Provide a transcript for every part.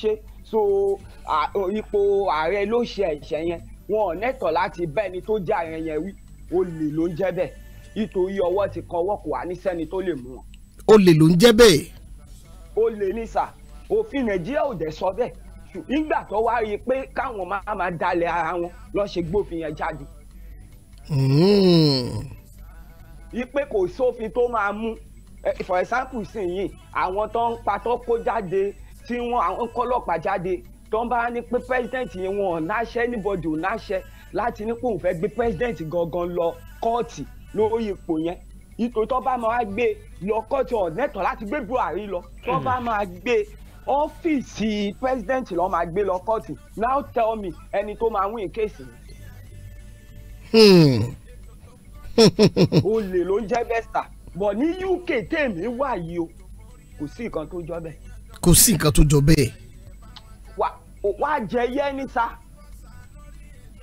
ṣe so ipò ààrẹ ló ṣe ẹ̀ṣẹ̀ yẹn wọn ò nẹ́tọ̀ láti bẹ́ni tó jẹ́ ààrẹ yẹn wí olè ló ń jẹ́ bẹ́ẹ̀ nítorí ọwọ́ ti kan ọwọ́ kò wá ní sẹ́ni tó lè mú wọn. olè ló ń jẹ́ bẹ́ẹ̀. olè ní sà òfin nàìjíríà ò dẹ̀ sọ bẹ́ẹ̀ nígbà tó wá rí i pé káwọn máa máa dalẹ̀ ara wọn lọ́ ṣe gbófin yẹn jáde. ipe hmm. kò sófin tó máa mú eh, for example sìn yìí àwọn tó ń patọ́ kó jáde tí wọ́n àwọn kọ́lọ́pàá jáde tó ń bá ní pé president yẹn wọn láṣẹ anybody ò láṣẹ láti ní pé òun fẹ́ gbé president gangan lọ kóòtì lórí ipò yẹn ipò tó bá máa gbé lọ kóòtì ọ̀nẹ́tọ̀ láti gbé Buhari lọ tó bá hmm. máa gbé ọ́fíìsì president lọ́ máa gbé lọ kóòtì now tell me ẹni tó máa win kéèsì. Hmm. olè ló ń jẹ́ bẹ́sà bọ̀ ní UK tèmi wà yìí o kò sí nǹkan tó jọ bẹ́ẹ̀ kò sí nǹkan tó jọ bẹ́ẹ̀. wàá jẹ yẹ́ ní sá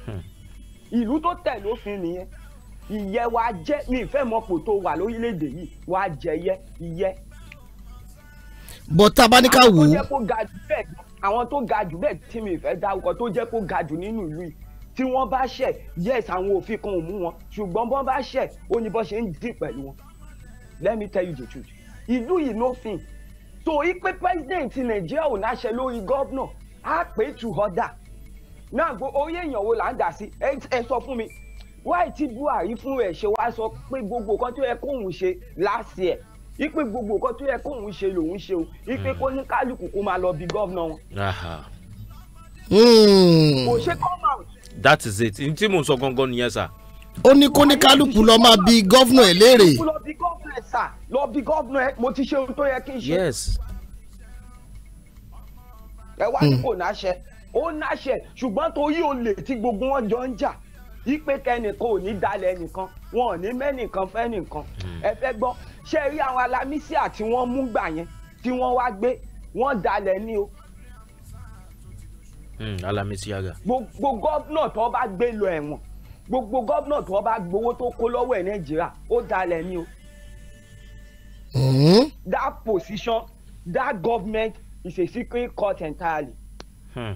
hmm. ìlú tó tẹ̀ lófin nìyẹn ìyẹ́ wàá jẹ́ mi ìfẹ́ mọ́pò tó wà lórílẹ̀‐èdè yìí wàá jẹ yẹ́ ìyẹ́. bọ́ tá a bá ní ká wò ó. àwọn tó ga jù bẹ́ẹ̀ tí mi ìfẹ́ dárúkọ tó jẹ́ kó ga jù nínú ìlú yìí tí wọ́n bá ṣẹ̀ yes àwọn òfin kan ò mú wọn ṣùgbọ́n bọ́n bá ṣẹ̀ ó ní bọ́ ṣe ń dín pẹ̀lú wọn let me tell you the truth ìlú yìí lófin torí pé president nàìjíríà ò láṣẹ lórí gọ́vnà á pè tù ọ̀dà náà gbo orí èèyàn wo là ń dà sí ẹ sọ fún mi wáì tí buhari fún rẹ̀ ṣe wá sọ pé gbogbo nǹkan tó yẹ kóun ṣe last year ipe gbogbo nǹkan tó yẹ kóun ṣe lòun ṣe o ipe kó ní kálukú kó máa lọ bí gọ́vnà wọn. Hmm. kò ṣe come out. that is it n tí mò sọ gangan nìyẹn sà ó ní kóníkálùkù lọ́ọ́ máa bi gọ́fúnà ẹ̀ léèrè. lọ bi gọ́fúnà ẹ̀ sà lọ bi gọ́fúnà ẹ̀ mo ti ṣe ohun tó yẹ kí n ṣe. yes. ẹ wá ní hmm. kò náṣẹ ó náṣẹ ṣùgbọ́n torí olè tí gbogbo wọn jọ ń jà ipe kẹnìkan ò ní dalẹ̀ nìkan wọn ò ní mẹ́nìkan fẹ́ nìkan hmm. ẹ fẹ́ gbọ́ ṣé rí àwọn alámísíà tí wọ́n mú gbà yẹn tí wọ́n wá gbé wọ́n dalẹ̀ ní o. Hmm, alámísíà ga. gbogbo gọ́vnà tó bá gbé lọ ẹ̀wọ̀n gbogbo gómìnà tó bá gbowó tó kó lọ́wọ́ ẹ̀ nàìjíríà ó dalẹ̀ ni o. Hmm? that position that government is a secret court entirely. Hmm.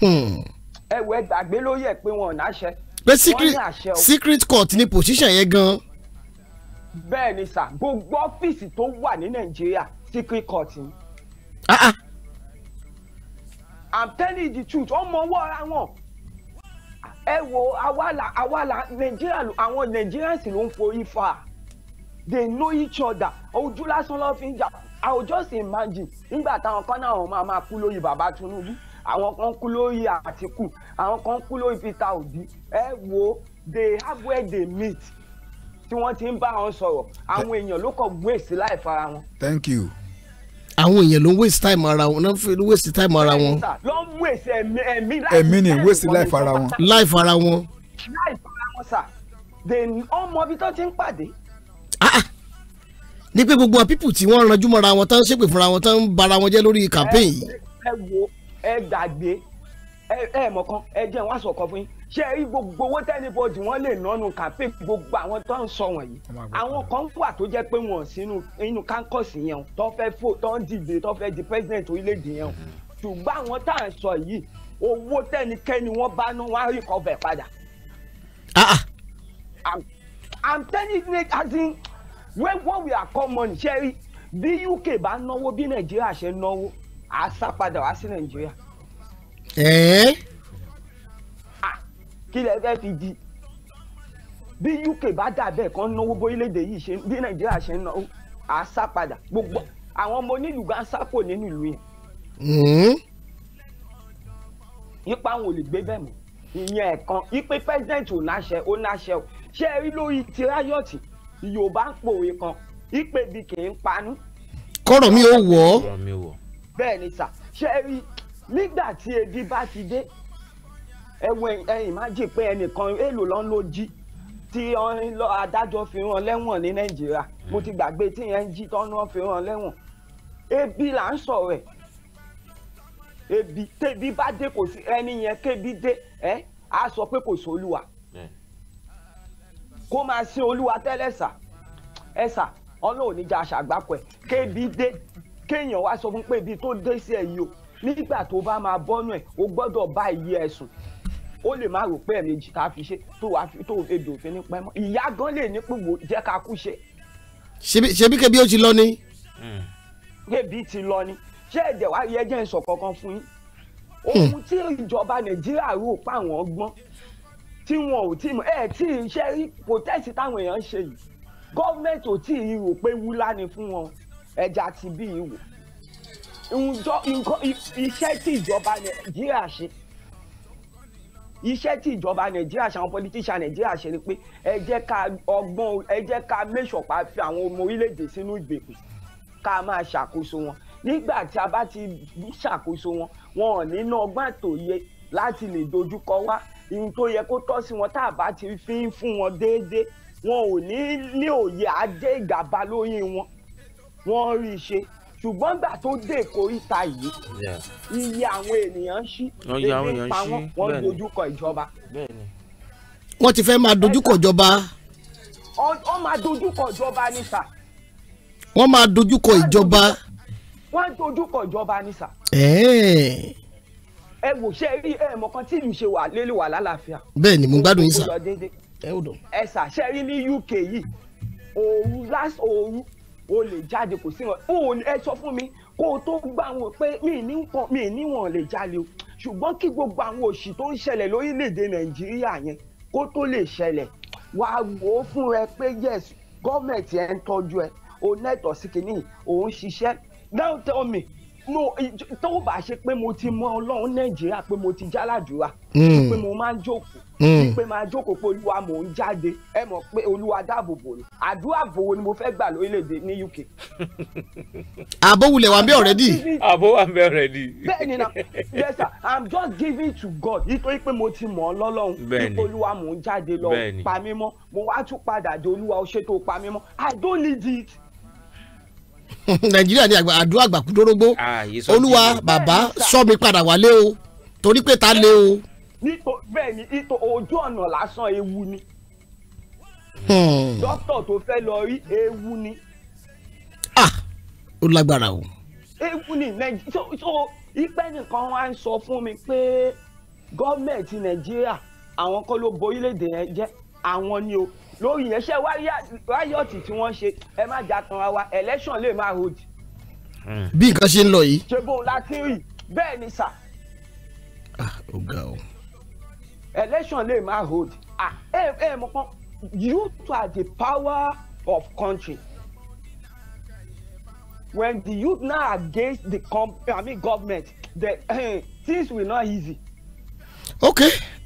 Hmm. ẹ̀wẹ̀ gbàgbé ló yẹ pé wọn ò náṣẹ. pé secret court ni position yẹn gan-an. bẹ́ẹ̀ ni sà gbogbo ọ́fíìsì tó wà ní nàìjíríà secret court ni. Ah, ah. I'm telling you the truth ọmọ ọwọ́ ara wọn ẹ wo awala awala nàìjíríà àwọn nigerians ló ń forí fa they know each other ojú lásán ló fi ń jà i will just imagine nígbà táwọn kan náà wọn máa máa kú lórí bàbá tinubu àwọn kan kú lórí àtìkù àwọn kan kú lórí peter obi ẹ wo they have where they meet tí wọ́n ti ń bá wọn sọ̀rọ̀ àwọn èèyàn ló kọ̀ gbé sí láì fara wọn. thank you àwọn èèyàn ló ń waste time ara wọn náà fi waste time ara wọn. ló ń waste ẹ̀mí ẹ̀mí láì. ẹ̀mí ni waste life ara wọn. life ara wọn. life ara wọn sà dè ọmọ ibi tó ti ń pàdé. Ah, ah. ní pé gbogbo pípù tí wọ́n ranjú mọ́ra wọn tán ṣépè fúnra wọn tán ń bara wọn jẹ́ lórí campaign yìí. ẹ wo ẹ gbàgbé ẹ ẹ mọ̀ kan ẹ jẹ́ wọ́n aṣọ kan fún yín ṣe rí gbogbo owó tẹ́nibọ́dì wọ́n lè nánu campaign gbogbo àwọn tó ń sọ wọ̀nyí àwọn kan wà tó jẹ́ pé wọ́n sínú inú kánkọ́sì yẹn tó fẹ́ fò tó ń dìde tó fẹ́ di president orílẹ̀-èdè yẹn ṣùgbọ́n àwọn tá à ń sọ yìí owó tẹ́nikẹ́ni wọ́n bá ná wọ́n á rí kọ́fẹ̀ padà. Ah, ah. I'm telling you as in when when we are common ṣe rí bí UK bá náwó bí Nàìjíríà ṣe náwó àá sá padà wá sí Nàìjíríà. ẹ̀ẹ́. Eh? kí lẹ fẹ́ fi jí bí UK bá dà bẹ́ẹ̀ kán náwó bóyílẹ̀dẹ̀ yìí ṣe bí Nàìjíríà ṣe ń náwó à sá padà gbogbo àwọn ọmọ onílù gan sá kò nínú ìlú yẹn. Hmm? ipa àwọn ò bẹ́ẹ̀ mọ́ ìyẹn ẹ̀kan ipe president ò náṣẹ ò náṣẹ o ṣé ẹ rí lórí ti riot Yorùbá ń pòwe kan ipe bí kì í panú. kọ́rọ̀ mi ò wọ̀ ọ́. bẹ́ẹ̀ ni sà ṣé ẹ rí nígbà tí ebi bá ti dé ẹ̀wọ̀n ẹ̀yìn má jì pé ẹnìkan èèlò ló ń lò jí tí adájọ́ fi rán lẹ́wọ̀n ní nàìjíríà mo ti gbàgbé tí yẹn ń jí tọ́nà fi rán lẹ́wọ̀n ebi là ń sọ̀rọ̀ ẹ̀ ebi tébi bá dé kò sí ẹni yẹn kébi dé ẹ á sọ pé kò sí olúwa kó máa sin olúwa tẹ́lẹ̀ sà ẹ sà ọlọ́run níjà aṣàgbákọ̀ ẹ̀ kébi dé kéèyàn wá sọ fún pé ibi tó dé sí ẹ yìí o nígbà tó bá máa bọ́nú ẹ̀ o gbọ́dọ̀ bá iye ẹ̀sùn ó lè má rò pé ẹ̀mejì ká fi ṣe tó wàá fi tó èdè òfin ní pẹ́mọ́ ìyá gan lè ní pòwò jẹ́ ká kú ṣe. ṣebí kẹbi ó ti lọ ni. Hmm. kẹbi ti lọ ni ṣé ẹ̀jẹ̀ wá yẹ jẹ́ ìsọ̀ kankan fún yín hmm. ohun tí ìjọba nàìjíríà rò pa àwọn gbọ́n tí wọn ò tí ẹ tí ṣe rí protest táwọn èèyàn ṣe yìí gọ́ọ̀mẹ̀ntì ò tí ì rò pé wúlá ni fún wọn ẹja ti bí ìwò iṣẹ́ tí ìjọba nàìjíríà ṣe iṣẹ́ tí ìjọba nàìjíríà ṣe àwọn politician nàìjíríà ṣe ni pé ẹ jẹ́ ká ọgbọ́n ẹ jẹ́ ká mẹ́sọ̀pá fi àwọn ọmọ orílẹ̀-èdè sínú ìgbèkùn ká máa ṣàkóso wọn nígbà tí a bá ti ṣàkóso wọn wọn ò ní ná ọgbọ́n àtòyè láti lè dojúkọ wá ihun tó yẹ kó tọ́ sí wọn tá a bá ti fi ń fún wọn déédéé wọn ò ní ní òye ajé ìgàba lóyún wọn wọn rí i ṣe ṣùgbọ́n gbà tó dé ìkóríta yìí iye àwọn ènìyàn ṣí ebi ń pa wọ́n wọ́n dojúkọ ìjọba. wọ́n ti fẹ́ máa dojúkọ ìjọba. wọ́n máa dojúkọ ìjọba ní sà. wọ́n máa dojúkọ ìjọba. wọ́n dojúkọ ìjọba ní sà. ẹ wò ṣe rí ẹ mọ̀kan tí ìlú ṣe wà lélẹ̀ wà lálàáfíà. bẹ́ẹ̀ ni mo gbádùn yín sà. ẹ sà ṣe rí ní UK yìí òru last òru o lè jáde kò sí wọn o ẹ sọ fún mi kó o tó gbà wọn pé mi ní wọn mi ní wọn lè jalè o ṣùgbọ́n kí gbogbo àwọn òṣì tó ń ṣẹlẹ̀ lórílẹ̀‐èdè nàìjíríà yẹn kó tó lè ṣẹlẹ̀ wàá wò ó fún ẹ pé yes gọ́ọ̀mẹ̀ntì ẹ̀ ń tọ́jú ẹ o nẹ́tọ̀ sí kìíní òun ṣiṣẹ́ now tell me no tó bá ṣe pé mo ti mọ ọlọ́run nàìjíríà pé mo ti jáládùúrà hmm. pé mo máa ń jókòó Mm. wípé máa jókòó pé olúwa mò ń jáde ẹ mọ̀ pé olúwa dáàbò bò ní àdúrà àbòwò ni mo fẹ́ gbà lórílẹ̀‐èdè ní UK. àbò wulẹ̀ wà ń bẹ already. àbò wà ń bẹ already. bẹ́ẹ̀ni na yes sir i'm just giving to God nítorí pé mo ti mọ̀ ọ́ lọ́lọ́run wípé olúwa mò ń jáde lọ pa mí mọ́ mo wá tún padà dé olúwa ó ṣètò pa mí mọ́ i don't need it nàìjíríà ni àdúrà àgbàkú dórógbó ah, olúwa bàbá sọ mi padà wálé o torí pé ta lé o bẹ́ẹ̀ ni ojú ọ̀nà lásán ewu ni hmm. dókítà tó fẹ́ lọ rí ewu ni. ah ó lágbára o. ewu ni nàìjíríà so ìpẹ́ nìkan wá ń sọ fún mi pé gọ́ọ̀mẹ̀ntì nàìjíríà àwọn kọ́ ló borílẹ̀-èdè yẹn jẹ́ àwọn ni o lórí yẹn ṣe ráyọ̀tì tí wọ́n ṣe ẹ má jà tán wa election lè máa hold. Hmm. bí nǹkan ṣe ń lọ yìí. ṣé bóun láti rí bẹ́ẹ̀ ni sà. ah ó ga o election lè má hold ah ẹ ẹ mọ̀ pọ́n you two are the power of country when the youth now against the com i mean government the uh, things will not easy. ok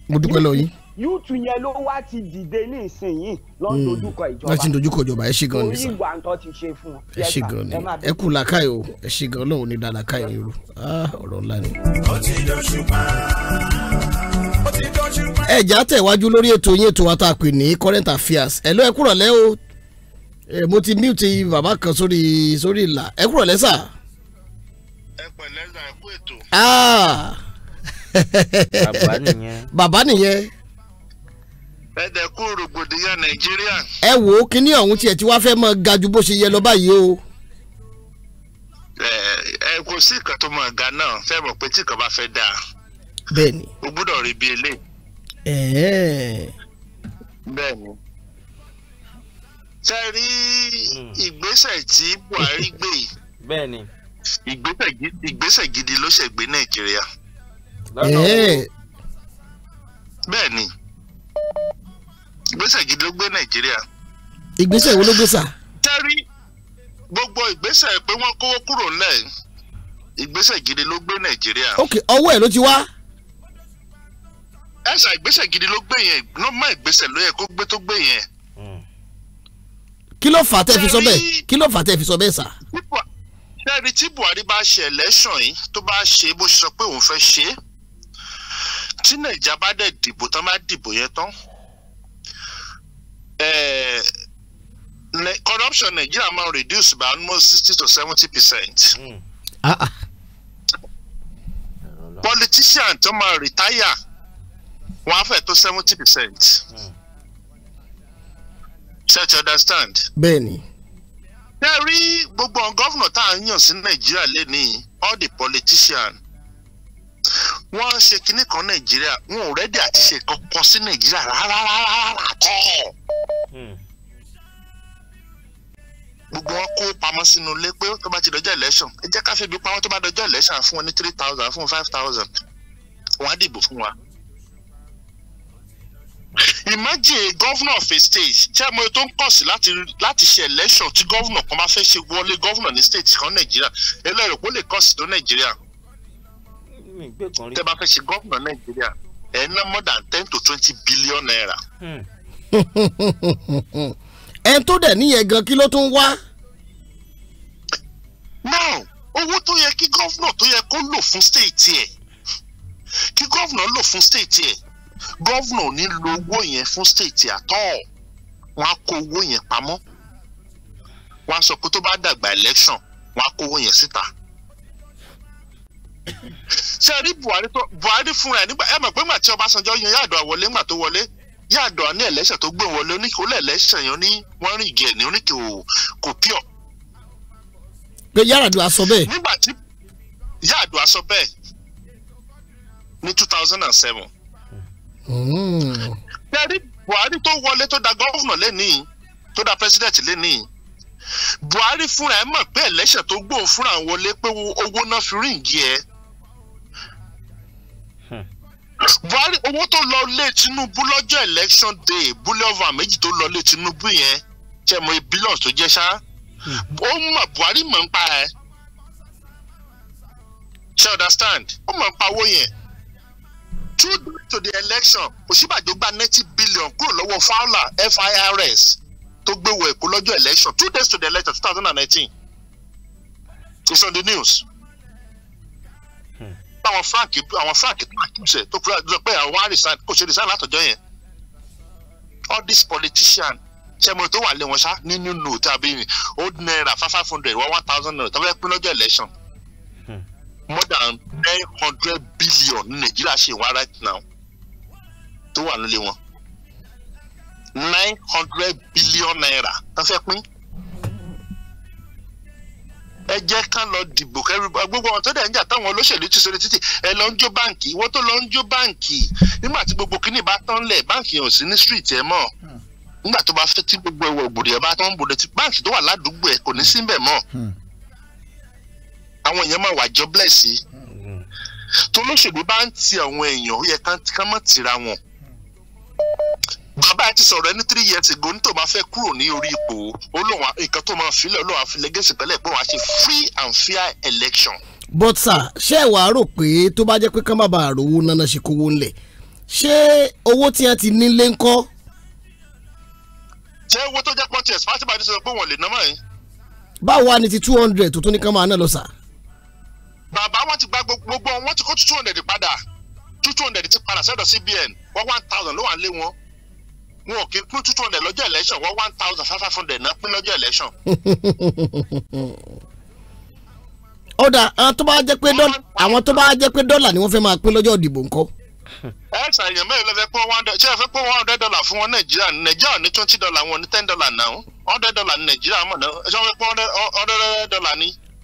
mo dúpẹ́ lọ yín. yúùtù yẹn ló wá ti dìde ní ìsinyìí lọ ń hmm, dojúkọ ìjọba láti dojúkọ ìjọba ẹ ṣé gan ni sà orí ìwà ntọ́ ti ṣe fún wọn. ẹ ṣé gan ni ẹ kú làákàyè o ẹ ṣé gan Ọlọ́run ní dáadáa káyọ̀ irú ọ̀rọ̀ ńlá ni. ó ti dọ́ṣùpá ẹ̀já tẹ̀wájú lórí ètò yín ètò wa pè ní current affairs ẹ̀ ló ẹ kúrọ̀lẹ́ o mo ti mute bàbá kan sórí sórí ìlà ẹ kúrọ̀lẹ́ sà. ẹ pẹ̀lẹ́ ẹ kú ètò. Ah. bàbá nìyẹn. bàbá nìyẹn. ẹ dẹ́kun rògbòdìyàn nàìjíríà. ẹ wo kíní ọ̀hún tiẹ̀ tí wàá fẹ́ mọ ga ju bó ṣe yẹ lọ báyìí o. ẹ kò sí ìkan mọ̀ ga náà fẹ́ mọ̀ pé tí ìkan bá fẹ́ dáa. bẹ́ẹ̀ni. o gbúdọ̀ rí bí eléyìí bẹ́ẹ̀ ni ṣe rí hmm. ìgbésẹ̀ tí Buhari gbé bẹ́ẹ̀ ni ìgbésẹ̀ gidi ló ṣe gbé Nàìjíríà bẹ́ẹ̀ ni ìgbésẹ̀ gidi ló gbé Nàìjíríà. ìgbésẹ̀ wo ló gbé sà. tẹ́rí gbogbo ìgbésẹ̀ pé wọ́n kówó kúrò ńlẹ̀ ìgbésẹ̀ gidi ló gbé Nàìjíríà. ok ọwọ́ ẹ̀ ló ti wá ẹsà ìgbésẹ̀ gidi ló gbé yẹn nọ́mà ìgbésẹ̀ ló yẹ kó gbé tó gbé yẹn. Hmm. kí ló fà á tẹ́ fi sọ bẹ́ẹ̀ kí ló fà á tẹ́ fi sọ bẹ́ẹ̀ sà. sẹ́ẹ̀rì tí Buhari bá ṣe election yìí tó bá ṣe bó ṣe sọ pé òun fẹ́ ṣe é tí nàìjà bá dẹ̀ dìbò tán bá dìbò yẹn tán eh, corruption Nigeria máa reduce by almost sixty to seventy percent. Hmm. Ah, ah. politician tó máa retire wọ́n á tó seventy percent ṣe ti understand. bẹ́ẹ̀ni. ṣé rí gbogbo gọ́vùnà tá à ń yàn sí nàìjíríà lẹ́nìí all the politicians wọ́n ń ṣe kinní kan nàìjíríà wọn ò rẹ́dí àti ṣe kankan sí nàìjíríà rárá rárá kọ́ gbogbo wọn kó pamọ́ sínú ilé pé tó bá ti dọjọ́ election ẹ jẹ́ ká fi ibi pamọ́ tó bá dọjọ́ election fún wọn ní three thousand fún five thousand wọ́n á dìbò fún wa. Hmm imagine a governor of a state tí àwọn tó ń kọ̀ sí láti láti ṣe election tí governor kan bá fẹ́ ṣe wọlé governor ní state kan nàìjíríà ẹlẹ́rìí kó lè kọ̀ sí tó nàìjíríà tẹ́ bá fẹ́ ṣe governor nàìjíríà ẹ̀ ná more than ten to twenty billion naira. Hmm. ẹ tó dẹ̀ níyẹn gan kí ló tún wá. now owó tó yẹ kí governor tó yẹ kó lò fún state yẹ kí governor lò fún state yẹ gọ́vnà ní lo owó yẹn fún state àtọ́ wọn á kó owó yẹn pamọ́ wọn á sọ pé tó bá dàgbà election wọn á kó owó yẹn síta ṣe rí Buhari tó Buhari fúnra ẹ nígbà ẹ mọ̀ pé ńgbà tí Ọbásanjọ́ yan Yar'Adua wọlé ńgbà tó wọlé Yar'Adua ní ẹlẹ́ṣẹ̀ tó gbé wọlé oníkòólẹ̀ ẹlẹ́ṣẹ̀ yẹn ní wọ́n rìn gẹ̀ ní oníkè kò pure. pé Yar'Adua sọ bẹ́ẹ̀. nígbà tí Yar'Adua sọ bẹ́ẹ̀ ní two thousand and seven tẹ́rí buhari tó wọlé tó da gọ́vùnà lẹ́nìí tó da president lẹ́nìí buhari fúnra ẹ mọ̀ pé ẹlẹ́ṣẹ̀ tó gbóhùn fúnra wọlé pé owó náà fi ríǹgì ẹ hmm. buhari owó tó lọ lé tinubu lọ́jọ́ election day búlẹ́ọ̀và méjì tó lọ lé tinubu yẹn tẹ́ mọ bílíọ̀nù tó jẹ́ ṣá hmm. ó mọ̀ buhari mọ̀ ń pa ẹ ṣe understand ó mọ̀ ń pa owó yẹn two days to the election Ọ̀ṣínbàjò gba ninety billion kúrò lọ́wọ́ Fowler FIRS tó gbé wọ Èkó lọ́jọ́ election two days to the election two thousand and nineteen it's on the news. Hmm. àwọn Frank àwọn Frank ṣe tó fura jọ pé àwọn resign kò ṣe resign látọjọ́ yẹn all these politicians ṣẹ́mi tó wà lé wọn ṣá ní nínú tàbí old naira five hundred one thousand naira tàbí ẹ pín election hmm. more than nine hundred billion ní nàìjíríà ṣe wá right now tó wà nílé wọn nine hundred billion naira tán fẹ́ pín ẹ jẹ́ kán lọ dìbò kẹ́rù gbogbo àwọn tó dẹ̀ ń jà táwọn olóṣèlú ti sórí títì ẹ lọ ń jó báǹkì ìwọ tó lọ ń jó báǹkì nígbà tí gbogbo kíní bá tán lẹ̀ báǹkì yẹn ò sí ní street ẹ mọ́ nígbà tó bá fẹ́ tí gbogbo ẹwọ òbòdì ẹ bá tán ń bòdì tí báǹkì tó wà ládùúgbò ẹ kò ní sí ń bẹ̀ mọ́ hmm. àwọn èèyàn máa wà jobless tó bá ń ti àwọn èèyàn yẹ ká má tira wọn bàbá ti sọ̀rọ̀ ẹni three years ago nítorí máa fẹ́ kúrò ní orí ipò ó lóun tó máa filẹ̀ lóun àfilegèsì pẹ̀lẹ́ pé wọ́n á ṣe free and fair election. but sir ṣé ẹ wàá rò pé tó bá jẹ́ pé ká má bàa rówó nana ṣe kówó ńlẹ̀ ṣé owó tí wọ́n ti nílé ń kọ́. ṣé owó tó jẹ́ pọ́ńtì ẹ̀sìn fásitì bá ti sọ pé wọ́n lè ná mọ́ ẹ̀. báwo wá ni ti two hundred tó tún ní ká máa ná lọ sà bàbá wọn ti gba gbogbo wọn ti kó two hundred padà two hundred ti padà sẹ́dọ̀ CBN wọ́n one thousand ló wà lé wọn wọn ò kí pín two hundred lọ́jọ́ election wọ́n one thousand five hundred náà pín lọ́jọ́ election. ó dà àwọn tó bá jẹ́ pé dọ́là àwọn tó bá jẹ́ pé dọ́là ni wọ́n fẹ́ máa pín lọ́jọ́ ìdìbò ńkọ́. ẹ ṣàyàn mẹ́rin lọ́fẹ́ pé one ṣé ẹ fẹ́ pé one hundred dollar fún wọn nàìjíríà nàìjíríà ní twenty dollar wọn ní ten dollar náà one hundred dollar ní nàìjíríà mọ̀ náà ṣé wọ́n fẹ́ pé one hundred dollar ní.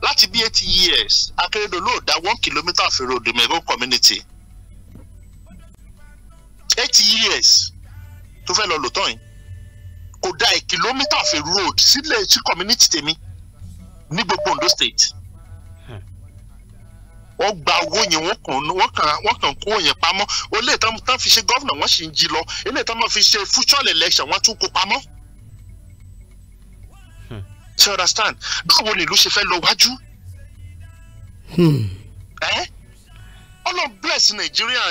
láti bí eighty years Akérédolú ò dá one kilometre of road in my own community eighty years tó fẹ́ lọ lò tán yìí kò dá a kilometre of a road sílẹ̀ sí community tèmi ní gbogbo Ondo state wọ́n gba owó yẹn wọ́n kàn wọ́n kàn wọ́n kàn kó yẹn pamọ́ ó tán fi ṣe gọ́vnà wọ́n sì ń jí lọ ó tán fi ṣe future election wọ́n tún kó pamọ́ ṣe understand báwo ni ìlú ṣe fẹ́ lọ wájú. Hmm. ọlọ́run bless nàìjíríà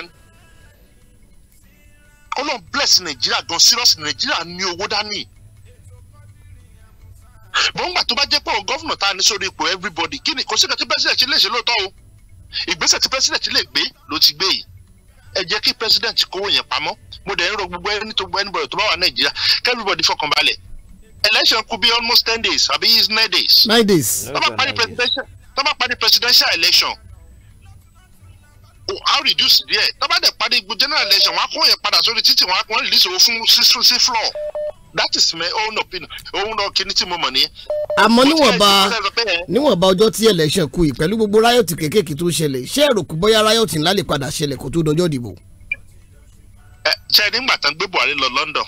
ọlọ́run bless nàìjíríà gan serious nàìjíríà ní owó dání. bọ́ńgbà tó bá jẹ́ pé gọ́fúnà tá a ní sórí ipò everybody kí ni kò sí kan tí president ṣe lè ṣe lóòótọ́ o ìgbésẹ̀ tí president lè gbé ló ti gbé yìí ẹ jẹ́ kí president kówó yẹn pamọ́ mo dẹ̀ ń rọ gbogbo ẹni tó gbọ́ ẹni bọ̀dọ̀ tó bá wà nàìjíríà kí everybody fọkàn balẹ̀ election could be almost ten days àbí is nine days. nine days. tọ́ba parí presidential tọ́ba parí presidential election oh, how reduce there tọ́ba dẹ̀ parí general election wọn á kó yẹn padà sórí títì wọn á wọn release owó fún sísun sí floor that is my own opinion òun náà kí ni tí mo mọ̀ ní. àmọ́ níwọ̀nba níwọ̀nba ọjọ́ tí election kù yìí pẹ̀lú gbogbo riot kéékèèké tó ṣẹlẹ̀ ṣé èrò kú bóyá riot ńlá lè padà ṣẹlẹ̀ kó tó dọjọ́ ìdìbò. ṣe é nígbà tán gbé Buhari lọ London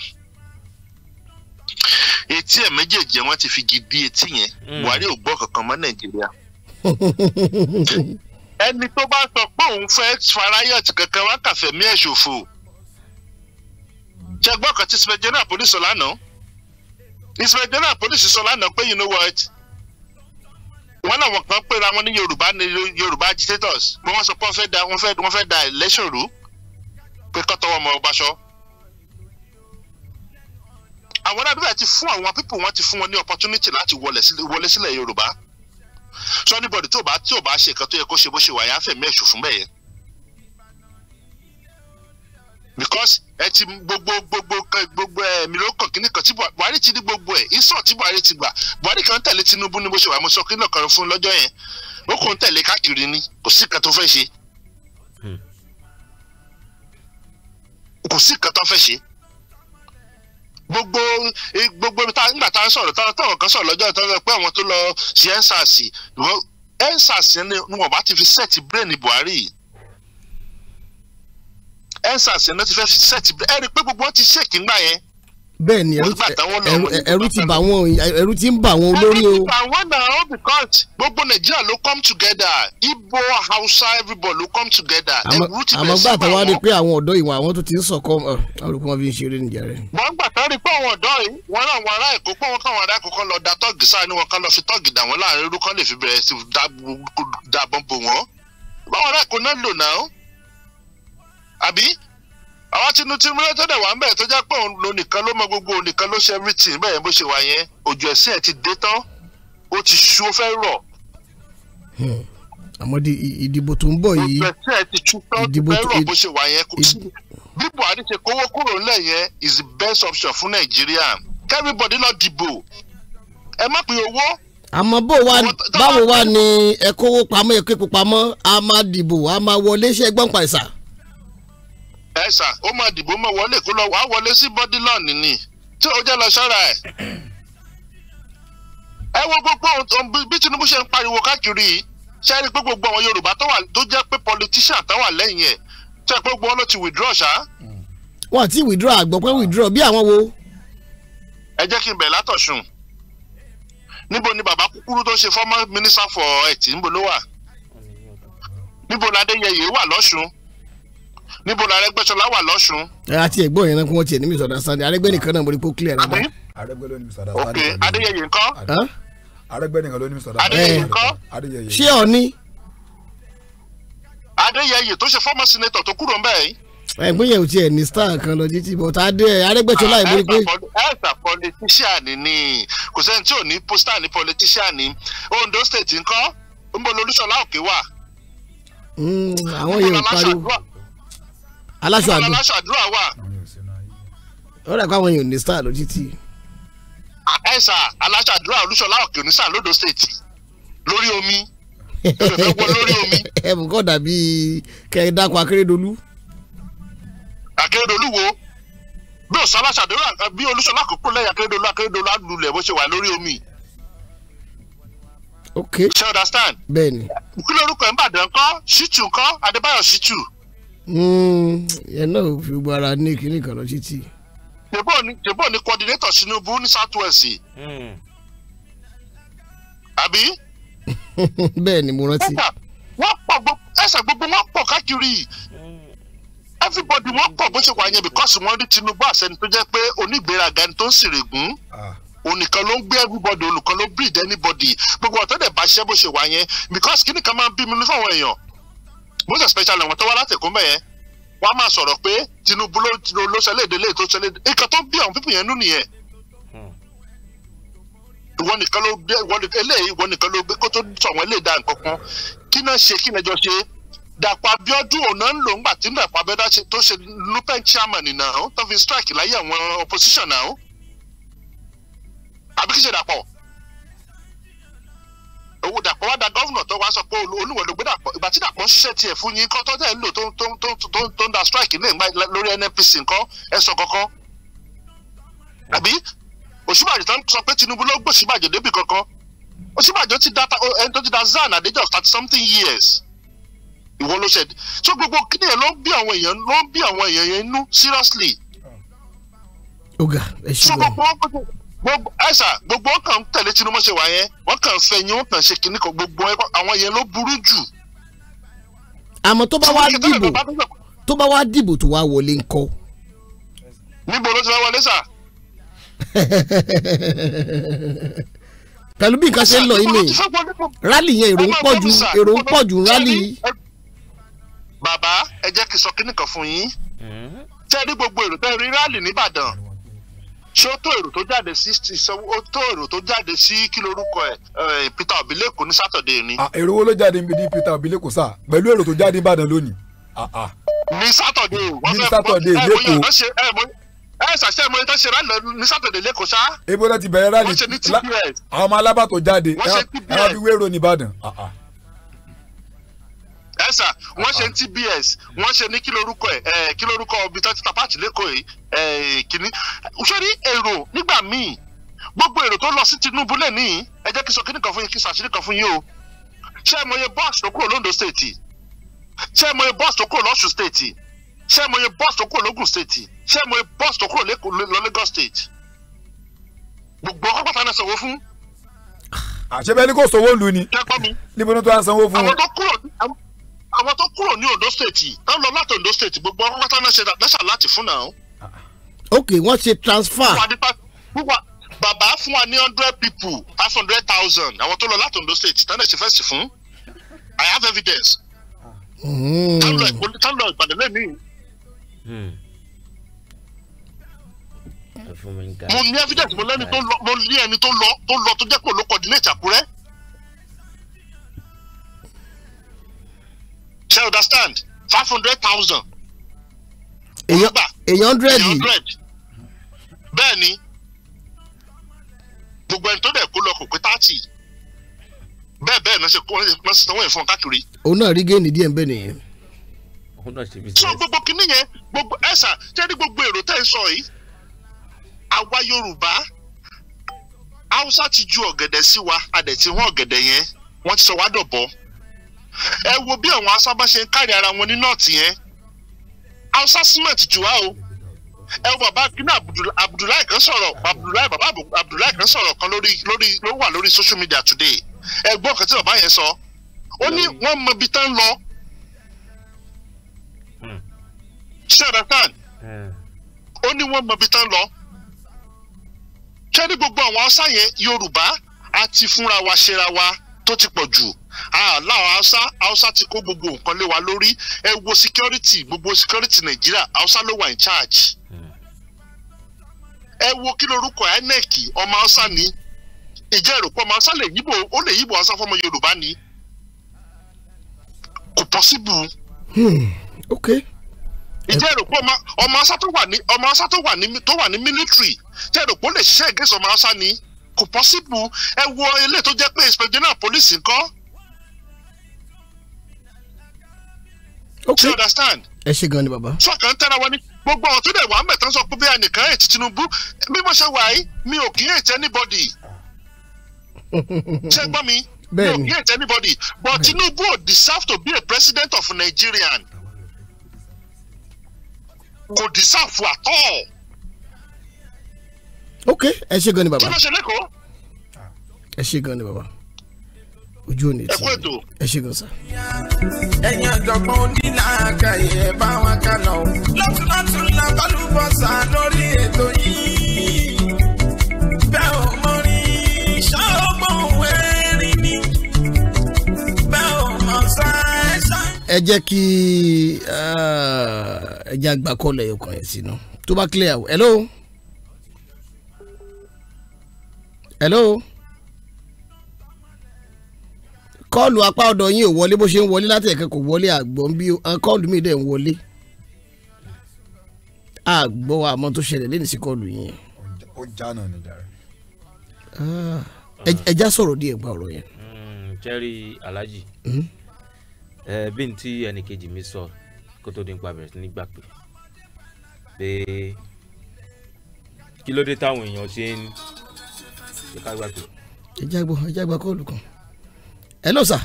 etí ẹ̀ méjèèjì wọn ti fi gidi etí yẹn hmm. buhari ò gbọ́ kankan mọ́ nàìjíríà ẹni tó bá sọ pé òun fẹ́ farayọ̀t kankan wá kàfẹ́ mí ẹ̀ ṣòfò ṣe gbọ́ kan tí spẹjọ́nà pólísì lánàá spẹjọ́nà pólísì sọ lánàá pé you know what wọn làwọn kan pera wọn ní yorùbá ní yorùbá agitators bí wọn sọ pé wọn fẹ́ da wọn fẹ́ da election rú pé kọ́tọ́ wọn mọ ọbaṣọ́ àwọn arábíyà ti fún àwọn pípò wọn ti fún wọn ní opportunity láti wọlé sílẹ̀ yorùbá so anybody tí ò bá tí ò bá ṣe nǹkan tó yẹ kó ṣe bó ṣe wà yẹn á fẹ̀mí ẹ̀ṣù fún bẹ́ẹ̀ yẹn because ẹ ti gbogbo gbogbo gbogbo ẹ̀mí ló kàn kíní kan tí buhari ti ní gbogbo ẹ̀ ìsàn tí buhari ti gbà buhari kan tẹ̀lé tinubu ní bó ṣe wà mo sọ kí lọ́kàn fún lọ́jọ́ yẹn ó kàn tẹ̀lé káàkiri ni kò sí nǹkan tó fẹ́ ṣe hmm. kò sí nǹkan tó fẹ́ ṣe gbogbo gbogbo nígbà tá a sọ̀rọ̀ táwọn kan sọ̀rọ̀ lọ́jọ́ ìtọ́jú pé àwọn tó lọ sí ensars ensars ni wọn bá ti fi sẹ́ẹ̀tì brain Buhari ensars ni wọn ti fẹ́ fi sẹ́ẹ̀tì brain ẹ̀rí pé gbogbo wọn ti ṣèkíngbà yẹn bẹ́ẹ̀ ni ẹ̀rù ti bà wọ́n ẹ̀rù ti ń bà wọ́n olórí o. ẹ̀rù ti bà wọ́n náà all because gbogbo nàìjíríà ló come together ibo hausa everybody ló come together ẹ̀rù ti bẹ̀rẹ̀ sí bà wọ́n. àmọ́ gbà wá rí i pé àwọn ọ̀dọ́ ìwọ̀n àwọn tó ti ń sọ̀kọ́ ọ̀rùkú wọn fi ń ṣeré nìjà rẹ̀. wọ́n gbà rí i pé àwọn ọ̀dọ́ yìí wọ́n ràn wọ́n ará èkó pé wọ́n káwọn ará èkó kan lọ da tọ́ọ̀gì sáà ni kan lọ fi tọ́ọ̀gì dà wọ́n láàrin àwọn tinútinú tó dẹ̀ wá ń bẹ̀ tó jẹ́ pé òun ló nìkan ló mọ gbogbo òun ló ṣe everything bẹ́ẹ̀ bó ṣe wà yẹn òjò ẹ̀sìn ẹ̀ ti dé tán ó ti ṣú ó fẹ́ rọ̀. Hmm. àmọ́ ìdìbò tó ń bọ̀ yìí ìdìbò tó ń bọ̀ ṣe wà yẹn kò sí bí Buhari ṣe kówó kúrò ńlẹ̀ yẹn is the best option fún Nàìjíríà everybody lọ dìbò ẹ má pín owó àmọ́ bó wa báwo wá ni ẹ kówó pamọ́ ẹ képo pamọ́ a máa dìbò a máa wọlé ṣẹ́gbọ́n pàṣà ẹ sà ó máa dìbò máa wọlé kó lọ wàá wọlé sí bọ́dílọ́ọ̀n ni tí ó jẹ́ lọ sọ́ra ẹ̀. ẹ wo gbogbo bí Tinubu ṣe ń pariwo káàkiri ṣe rí i pé gbogbo àwọn Yorùbá tó wà tó jẹ́ pé politician tó wà lẹ́yìn ẹ̀ tó yẹ pé gbogbo wọn ló ti withdraw ṣá. wọn ti withdraw àgbọ̀ pé withdraw bí àwọn wo. ẹ jẹ́ kí n bẹ̀rẹ̀ látọ̀sùn níbo ni bàbá kúkúrú tó ṣe former minister for ẹ̀tì níbo ló wà níbo ládéyẹyẹ wà lọ́sùn níbo la Arẹ́gbẹ́ṣọlá wà lọ́sùn. àti ẹ̀gbọ́n yẹn náà kí wọ́n tiẹ̀ ní misunderstanding Arẹ́gbẹ́ nìkan náà mo rí pé ó clear nígbà. Arẹ́gbẹ́ ló ní misunderstanding. ok Adéyẹyè ńkọ́. Arẹ́gbẹ́ nìkan ló ní misunderstanding. Adéyẹyè ńkọ́. ṣé ọ ní. Adéyẹyè tó ṣe fọ́mọ sinetọ̀ tó kúrò ńbẹ̀ yìí. ẹ̀gbọ́n yẹn ò tiẹ̀ ní star kan lọ jíjí bọ̀ tá Arẹ́gbẹ́ṣọlá ìmọ̀ rí pé. Ah, ẹ̀sà politician ni kò sẹ́ni tí ò ní poster ní politician ni Ondo state ńkọ́ ńbọ̀ lolúṣọlá òkè wà. Hmm, àwọn yẹn ò pariwo aláṣọ àdúrà aláṣọ àdúrà wà. ó rà pé àwọn èèyàn ní star lójú tì. Ah, ẹ sà aláṣọ àdúrà olúṣọlá òkè onísà lódò state lórí omi lórí omi. ẹ mú kọ́ dàbí kẹ́ ẹ dákun akérèdọ́lù. akérèdọ́lù wo bí o sọlá ṣàdúrà bí olúṣọlá kò kú lẹ́yìn akérèdọ́lù akérèdọ́lù á lulẹ̀ bó ṣe wà lórí omi ok ṣe understand. bẹ́ẹ̀ni. kí lorúkọ ẹ̀ ń bàdàn kọ́ ṣìtù kọ́ adébáyọ̀ ṣìtù. Hmm, ẹ náà fi gbogbo ara ní kíní kan lọ títì. jebo ni coordinator Tinubu ní southwest hmm. àbí. bẹ́ẹ̀ ni mo rántí. wọ́n pọ̀ gbogbo ẹsẹ̀ gbogbo wọ́n pọ̀ káàkiri hmm. everybody wọ́n pọ̀ bó ṣe wà yẹn because wọ́n rí Tinubu àsẹni tó jẹ́ pé onígbéraga ni tó ń sèrègùn onìkan ah. ló ń gbé everybody olùkan ló breed anybody gbogbo ọ̀tọ́ dẹ̀ bá ṣẹ́ bó ṣe wà yẹn because kíní kan máa ń bí mi ní fáwọn èèyàn most especially wọn tó wá láti ìkúnbẹ̀ yẹn wọ́n á máa sọ̀rọ̀ pé Tinubu ló ṣẹlẹ̀ èdè léè tó ṣẹlẹ̀ nǹkan tó bí àwọn pípù yẹn nú nìyẹn ìwọ nìkan ló gbé ìwọ nìkan eléyìí ìwọ nìkan ló gbé kó tó sọ wọn eléyìí dá nǹkan kan kí náà ṣe kí náà ṣe Dàpọ̀ Abíọ́dún ọ̀nà ń lò ńgbà tí Dàpọ̀ Abíọ́dún tó ṣe lupen chairman náà tó fi strike láyé àwọn opposition náà àbí kí ṣe Dàpọ̀ owó dàpọ̀ wá da gọ́vùnà tó wá sọ pé olúwo ló gbé dàpọ̀ ìgbà tí dàpọ̀ ṣiṣẹ́ tiẹ̀ fún yín kọ́ tó tẹ̀ ń lò tó ń da strike ní ìgbà lórí NNPC nǹkan ẹ̀sọ́ kankan àbí Ọ̀ṣínbàjò tó ń sọ pé Tinubu ló gbé débi kankan Ọ̀ṣínbàjò ti da ẹni tó ti da zan at of thirty something years ìwọ ló ṣe so gbogbo kíni ẹ ló ń bí àwọn èèyàn ló ń bí àwọn èèyàn yẹn nú seriously. ó ga ẹ ṣe bẹ́ẹ̀ gbogbo àṣà gbogbo wọn kàn ń tẹ̀lé Tinubu ṣe wà yẹn wọn kàn ń fẹ́ yín wọn kàn ṣe kinní kan gbogbo àwọn yẹn ló burú jù. àmọ́ tó bá wá dìbò tó bá wá dìbò tó wá wọlé ńkọ́. níbo ló ti wá wọlé sà. pẹ̀lú bí nǹkan ṣe ń lọ yìí rálì yẹn èrò ń pọ̀ ju èrò ń pọ̀ ju rálì bàbá ẹ jẹ́ kí n sọ kinní kan fún yín tẹ́ẹ̀rí mm-hmm. gbogbo èrò tẹ́ẹ̀rí rálì ní ṣé ó tó èrò tó jáde sí ìsanwó ó tó èrò tó jáde sí kí lorúkọ ẹ Peter Obi lẹ́kọ̀ọ́ ní sátọ̀dẹ̀ ni. Ah, èrò wo ló jáde níbi ní Peter Obi lẹ́kọ̀ọ́ sá pẹ̀lú èrò tó jáde Ìbàdàn lónìí. Ah, ah. ní sátọ̀dẹ̀ wọ́n fẹ́ sátọ̀dẹ̀ lẹ́kọ̀ọ́ ẹ ṣàṣẹ ìmọ̀ ìtọ́ṣe rálẹ̀ ní sátọ̀dẹ̀ lẹ́kọ̀ọ́ sá. ebo náà ti bẹ̀rẹ̀ rálẹ̀ àwọn ọmọ alábàtọ̀ jáde ẹ wá fi wérò ní Ìbàdàn ẹ sà wọ́n ṣe ah, ah. ní tbs wọ́n ṣe ní kí lorúkọ ẹ̀ kí lorúkọ ibi tó ti tapáàtì lẹ́kọ̀ọ́ ẹ̀ kìíní ṣé ní èrò nígbà míì gbogbo èrò tó lọ sí Tinubu lẹ́ni ẹ jẹ́ kí sọ kíní kan fún yín kí sàṣírí kan fún yín o ṣé ẹ mọye bọ́ọ̀sì tó kúrò londo state ṣé ẹ mọye bọ́ọ̀sì tó kúrò lọ́sùn state ṣé ẹ mọye bọ́ọ̀sì tó kúrò lógùn state ṣé ẹ mọye bọ́ọ̀sì tó kúrò lọ Lagos state gbogbo ọkọ̀ pátá náà sanwó fún àṣebẹ ah, ní kò sówó lu ni níbo ni tó à ń sanwó fún àwọn tó kúrò àwọn tó kúrò ní Ondo state tán lọ láti Ondo state gbogbo ọmọ pátá náà ṣe dàgbẹ́sà láti fún náà. ok wọ́n ṣe transfer. bàbá fún wa ní hundred people five hundred thousand àwọn tó lọ láti Ondo state tán lè ṣe fẹ́ẹ̀sì fún I have evidence. Hmm. tán lọ Ìbàdàn lẹ́nu. Hmm. mo ní evidence mo lẹ́ni tó lọ tó jẹ́ pé olókọ̀dínlẹ̀ ìtàkùrẹ́. ṣe understand five hundred thousand. èyàn èyàn hundred yìí bẹ́ẹ̀ ni gbogbo ẹni tó dẹ̀ kó lọ kò pé thirty bẹ́ẹ̀ bẹ́ẹ̀ náà ṣe kó náà ṣe sanwó ẹ̀ fún káàkiri. òun náà rí géènì díẹ̀ bẹ́ẹ̀ nìyẹn. sọ gbogbo kínní yẹn gbogbo ẹ̀sà ṣé ní gbogbo èrò tẹ́ ẹ sọ yìí àwa Yorùbá Haúsá ti ju ọ̀gẹ̀dẹ̀ sí wa a dẹ̀ ọ̀gẹ̀dẹ̀ yẹn wọ́n ti sọ wá dọ̀bọ̀ ẹ wo bí àwọn asábá ṣe ń kárí ara wọn ní nọ́ọ̀tì yẹn hausa cement jù wá o ẹ wo bàbá kínní abdullahi kan sọ̀rọ̀ abdullahi bàbá abdullahi kan sọ̀rọ̀ kan lórí lórí ló wà lórí social media today ẹ gbọ́ ọ̀kan tí bàbá yẹn sọ hmm. hmm. ó ní wọ́n mọ ibi tán lọ ṣé ó ní wọ́n mọ ibi tán lọ ṣé gbogbo àwọn hausa yẹn yorùbá a fúnra wa ṣera wa tó ti pọ̀ jù aláwọ̀ haúsá haúsá ti kó gbogbo nǹkan lé wa lórí ẹ wo security gbogbo security nàìjíríà haúsá ló wà in charge ẹ wo kí lorúkọ inec ọmọ haúsá ni ìjẹ́ ìròpọ̀ ọmọ haúsá lè yíbò ó lè yíbò haúsá fọmọ yorùbá ni kò pọ́síbù. ìjẹ́ ìròpọ̀ ọmọ haúsá tó wà ní military ìjẹ́ ìròpọ̀ lè ṣiṣẹ́ against ọmọ haúsá ni. Hmm. Okay kò pọ́síbù ẹ wo eléyìí tó jẹ́ pé inspector general police nǹkan. okay understand. ẹ ṣe gan ni bàbá. sọkàn tẹ́ra wa ní gbogbo ọ̀hún tó dẹ̀ wà mẹ́ta sọ pé bí ẹnìkan ètí Tinubu bí mo ṣe wà yìí mi ò kí ètí anybody. ṣé gbọ́ mi mi ò kí ètí anybody but Tinubu ò deserve to be a president of Nigerian kò deserve at all ok ẹ ṣe gan ni bàbá. tí wọ́n ṣe lẹ́kọ̀ọ́. Ah. ẹ ṣe gan ni bàbá ojú ò ní tí ẹ ṣe gan sa. ẹ̀yin ọ̀jọ̀gbọ́n onílàákàyè bá wọn kà lọ. lọ́tùlọ́tùn la lórí ètò yìí. bẹ́ẹ̀ ò mọ ẹ jẹ́ kí ah, ẹ jẹ́ àgbàkọ́ yẹn sínú tó bá clear o hello. hello kọ́ọ̀lù apá ọ̀dọ̀ yín ò wọlé bó ṣe ń wọlé láti ẹ̀kẹ́ kò wọlé àgbọ̀n bí kọ́ọ̀lù mi dẹ̀ ń wọlé àgbọ̀ àmọ́ tó ṣẹlẹ̀ lẹ́nu sí kọ́ọ̀lù yín. ó ah, já náà ní dàrú. ẹja sọ̀rọ̀ díẹ̀ gba ọ̀rọ̀ yẹn. jerry hmm, alhaji hmm? bí n tí ẹnìkejì mi sọ kó tó dín pa bẹ̀rẹ̀ sí ní gbà pé pé kí ló dé táwọn èèyàn ṣe ń ẹ jágbọ́ ẹ jágbọ́ kóòlù kan hello sir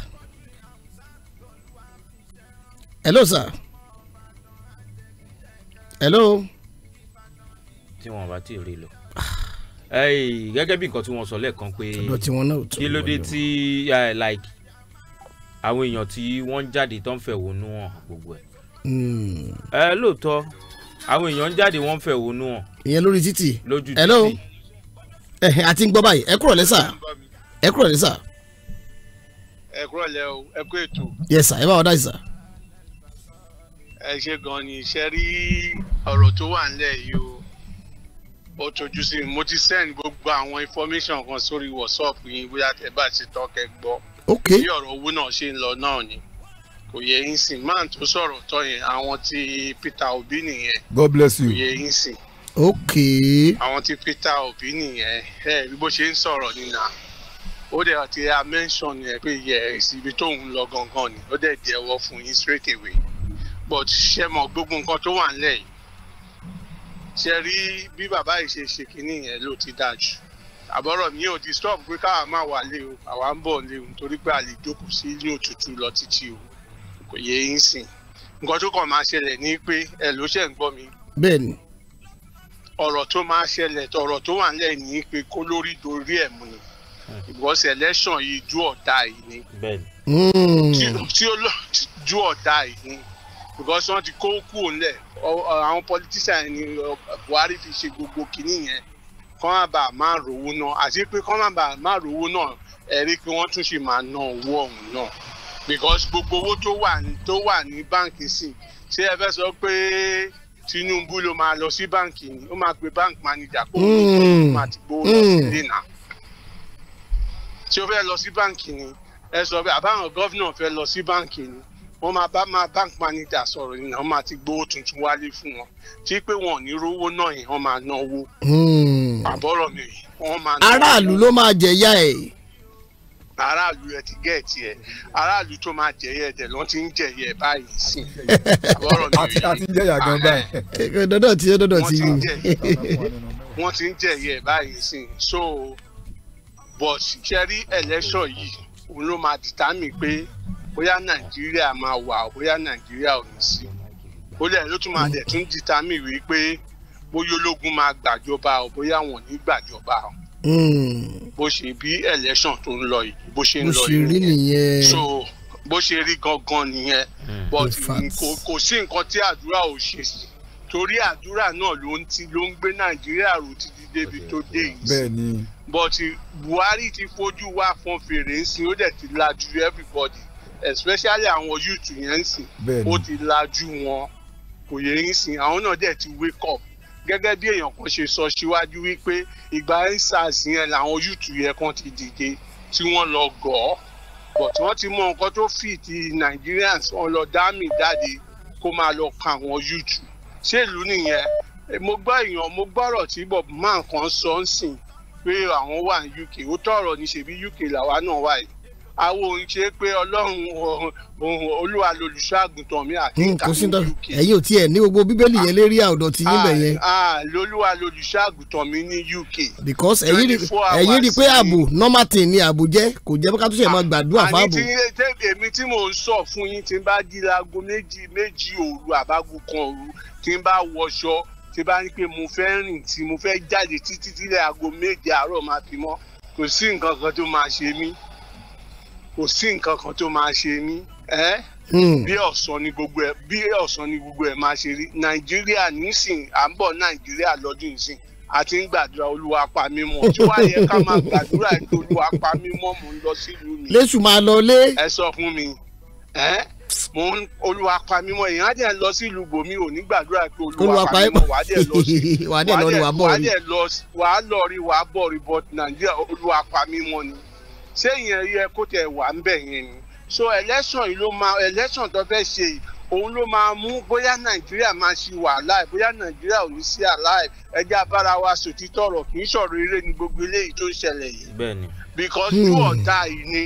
hello sir hello. tí wọn bá tí rí lọ gẹ́gẹ́ bí nǹkan tí wọ́n sọ lẹ́ẹ̀kan pé kí ló dé tí àwọn èèyàn tí wọ́n ń jáde tó ń fẹ̀hónú hàn gbogbo ẹ̀. Hmm. ẹ lóòótọ́ àwọn èèyàn ń jáde wọ́n ń fẹ̀hónú hàn. ìyẹn lórí títì. lójú títì ẹ̀hìn àti ń gbọ́ báyìí ẹ kúrò lẹ́sà ẹ kúrò lẹ́sà. ẹ kúrò o ẹ kú ètò. yes sir ẹ bá wa dá ìsà. ẹ ṣe gan ni ṣe rí ọ̀rọ̀ tó wà nílẹ̀ yìí o ó tójú sí mo ti send gbogbo àwọn information kan sórí whatsapp yín bóyá tẹ bá ṣe tọkẹ gbọ́ bí ọ̀rọ̀ owó náà ṣe ń lọ náà ni kò yẹ yín sìn máà tó sọ̀rọ̀ tọ́ yẹn àwọn ti Peter Obi nìyẹn God bless you kò yẹ yín sìn ok. àwọn tí Peter Obi nìyẹn ẹ bí bó ṣe ń sọ̀rọ̀ nínú ó dẹ̀ ti a mention yẹn pé yẹ ibi tóun lọ gangan ni ó dẹ̀ di ẹwọ́ fún yín straight away but ṣe mọ gbogbo nǹkan tó wà nílẹ̀ yìí ṣe rí bí bàbá yìí ṣe ṣe kínní yẹn ló ti dáa jù àbọ̀rọ̀ mi ò disturb pé káwa máa wà lé o àwa ń bọ̀ lé o nítorí pé a sí inú òtútù lọ títí o kò yẹ yín sìn nǹkan tó kàn máa ṣẹlẹ̀ ni pé ẹ ló ṣẹ̀ ń gbọ́ mi. bẹ́ẹ̀ni ọ̀rọ̀ tó máa ṣẹlẹ̀ ọ̀rọ̀ tó wà nílẹ̀ ní pé kó lórí dorí ẹ̀ mú ni because election yìí ju ọ̀tá yìí ni hmm. tí ó lọ ju ọ̀tá yìí ni because wọ́n ti kó kúrò nílẹ̀ àwọn politician ni Buhari fi ṣe gbogbo kìíní yẹn kọ́ má bàa má rówó náà àti pé kọ́ má bàa má rówó náà ẹ̀rí pé wọ́n tún ṣe máa ná owó ọ̀hún náà because gbogbo owó tó wà ní báǹkì sí ṣé ẹ fẹ́ sọ pé. Tinubu ló máa lọ sí báǹkì ni ó máa pe bank manager kó o hmm. máa ti gbowó lọ hmm. sí ilé náà tí ó fẹ́ lọ sí báǹkì ni ẹ sọ pé àbáwọn gọ́vnà fẹ́ lọ sí báǹkì ni wọ́n máa bá máa bank manager sọ̀rọ̀ ni wọ́n máa ti gbowó tuntun wálé fún wọn tí pé wọn ò ní rówó náà yẹn wọ́n máa náwó hmm. àbọ̀rọ̀ mi wọ́n máa náwó. aráàlú ló máa jẹ̀yà ẹ̀ aráàlú ẹ ti gẹ́ ẹ̀ tiẹ̀ aráàlú tó máa jẹ̀yẹ ẹ̀dẹ̀ ló ti ń jẹ̀yẹ báyìí sí i. àti jẹ̀yà gan báyìí. dọ́dọ̀ tí dọ́dọ̀ tí yìí. wọ́n ti ń jẹ̀yẹ báyìí sí i so but ṣẹ́rí election yìí òun ló máa determine pé bóyá nàìjíríà máa wà bóyá nàìjíríà ò ní sí ó lẹ̀ ló tún máa dẹ̀ tún determine wípé bóyá ológun máa gbàjọba ò bóyá wọn ní gbàjọba ò bó ṣe bí election tó ń lọ yìí bó ṣe ń lọ yìí so bó ṣe rí gangan nìyẹn hmm. but kò sí nǹkan tí àdúrà ò ṣe sí torí àdúrà náà ló ń ti ló ń gbé nàìjíríà rò títí débi tó dé yìí but buhari ti fojú wa fọn fèrè ń sin ó dẹ̀ ti lajú everybody especially àwọn youth yẹn ń sìn ó ti lajú wọn kò yẹ ń sìn àwọn náà dẹ̀ ti wake up gẹ́gẹ́ bí èèyàn kan ṣe sọ síwájú wípé ìgbà ensars yẹn làwọn yúùtù yẹn kan ti dìde tí wọ́n lọ gọ̀ ọ́ bọ̀ tí wọ́n ti mọ nǹkan tó fì ti Nigerians wọ́n lọ dámì jáde kó máa lọ kan àwọn yúùtù ṣèlú nìyẹn mo gbọ́ èèyàn mo gbọ́rọ̀ tí Bob Man kan sọ ń sìn pé àwọn wà ní UK ó tọ̀rọ̀ ní ṣèbí UK làwa náà wà yìí awo ń ṣe pé ọlọ́run olúwa lolùṣọ́àgùntàn mi àti hmm, ìkàwé uk. ẹ̀yin ò tiẹ̀ ní gbogbo bíbélì yẹn lérí àwòdọ̀ tí yín bẹ̀ yẹn. Ah, ah, lolúwa lolùṣọ́àgùntàn mi ní uk. because ẹ̀yin rí i pé ààbò normal thing ni ààbò jẹ́ kò jẹ́ pé ká tún ṣe máa ah, gbàdúrà fún ààbò. èmi tí mò ń sọ fún yín tí n bá jí láago méjì méjì òru àbágo kan òru tí n bá wọṣọ tí bá ní pé mo fẹ́ rìn tí mo fẹ́ jáde títí tí aago méje àárọ̀ máa fi mọ́ kò sí nǹkan kan tó máa ṣe mí kò sí nǹkan kan tó máa ṣe mí hmm. bí ọ̀sán ni gbogbo ẹ̀ bí ọ̀sán ni gbogbo ẹ̀ máa ṣe rí nàìjíríà nísìn à ń bọ̀ nàìjíríà lọ́dún ìsìn àti ń gbàdúrà olúwa pa mí mọ́ tí wàá yẹ ká máa gbàdúrà ẹ̀ olúwa pa mí mọ́ mò ń lọ sílùú mi. lẹ́sùn máa lọ lé. ẹ sọ fún mi mò ń olúwa pa mí mọ́ èèyàn á dẹ̀ lọ sílùú bòmí ò ní gbàdúrà pé olúwa pa mí mọ́ wàá dẹ̀ lọ sí wàá dẹ̀ lọ rí wàá bọ̀ rí but nàìjíríà olúwa pa mí mọ́ ni sẹ́yìn ẹ̀yẹ kó tẹ̀ wà ń bẹ̀ yẹn ni so election yìí ló máa election tó fẹ́ ṣe yìí òun ló máa mú bóyá nàìjíríà máa ṣe wà láì bóyá nàìjíríà ò ní sí àláì ẹjẹ́ abára wa sòtítọ́ ọ̀rọ̀ kì í sọ̀rọ̀ eré ni gbogbo eléyìí tó ń ṣẹlẹ̀ yìí because hmm. tú ọ̀tá yìí ni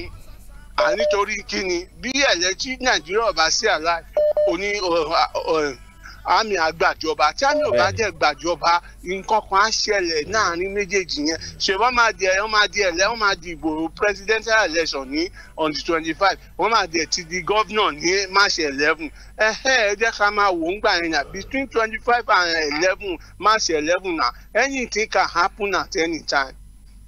nítorí kí ni bí ẹ̀lẹ́tí nàìjíríà ò sí àláì òní uh, uh, àmì àgbàjọba tí àmì ò bá jẹ gbàjọba nǹkan kan á ṣẹlẹ̀ láàrin méjèèjì yẹn ṣe wọ́n máa di wọ́n máa di ẹ̀lẹ́ wọ́n máa di ìbò presidential election ní on the twenty five wọ́n máa di ti di governor ní march eleven ẹ̀hẹ́ ẹ jẹ́ ká máa wò ó ń gbà yẹn na between twenty five and eleven march eleven na anything can happen at any time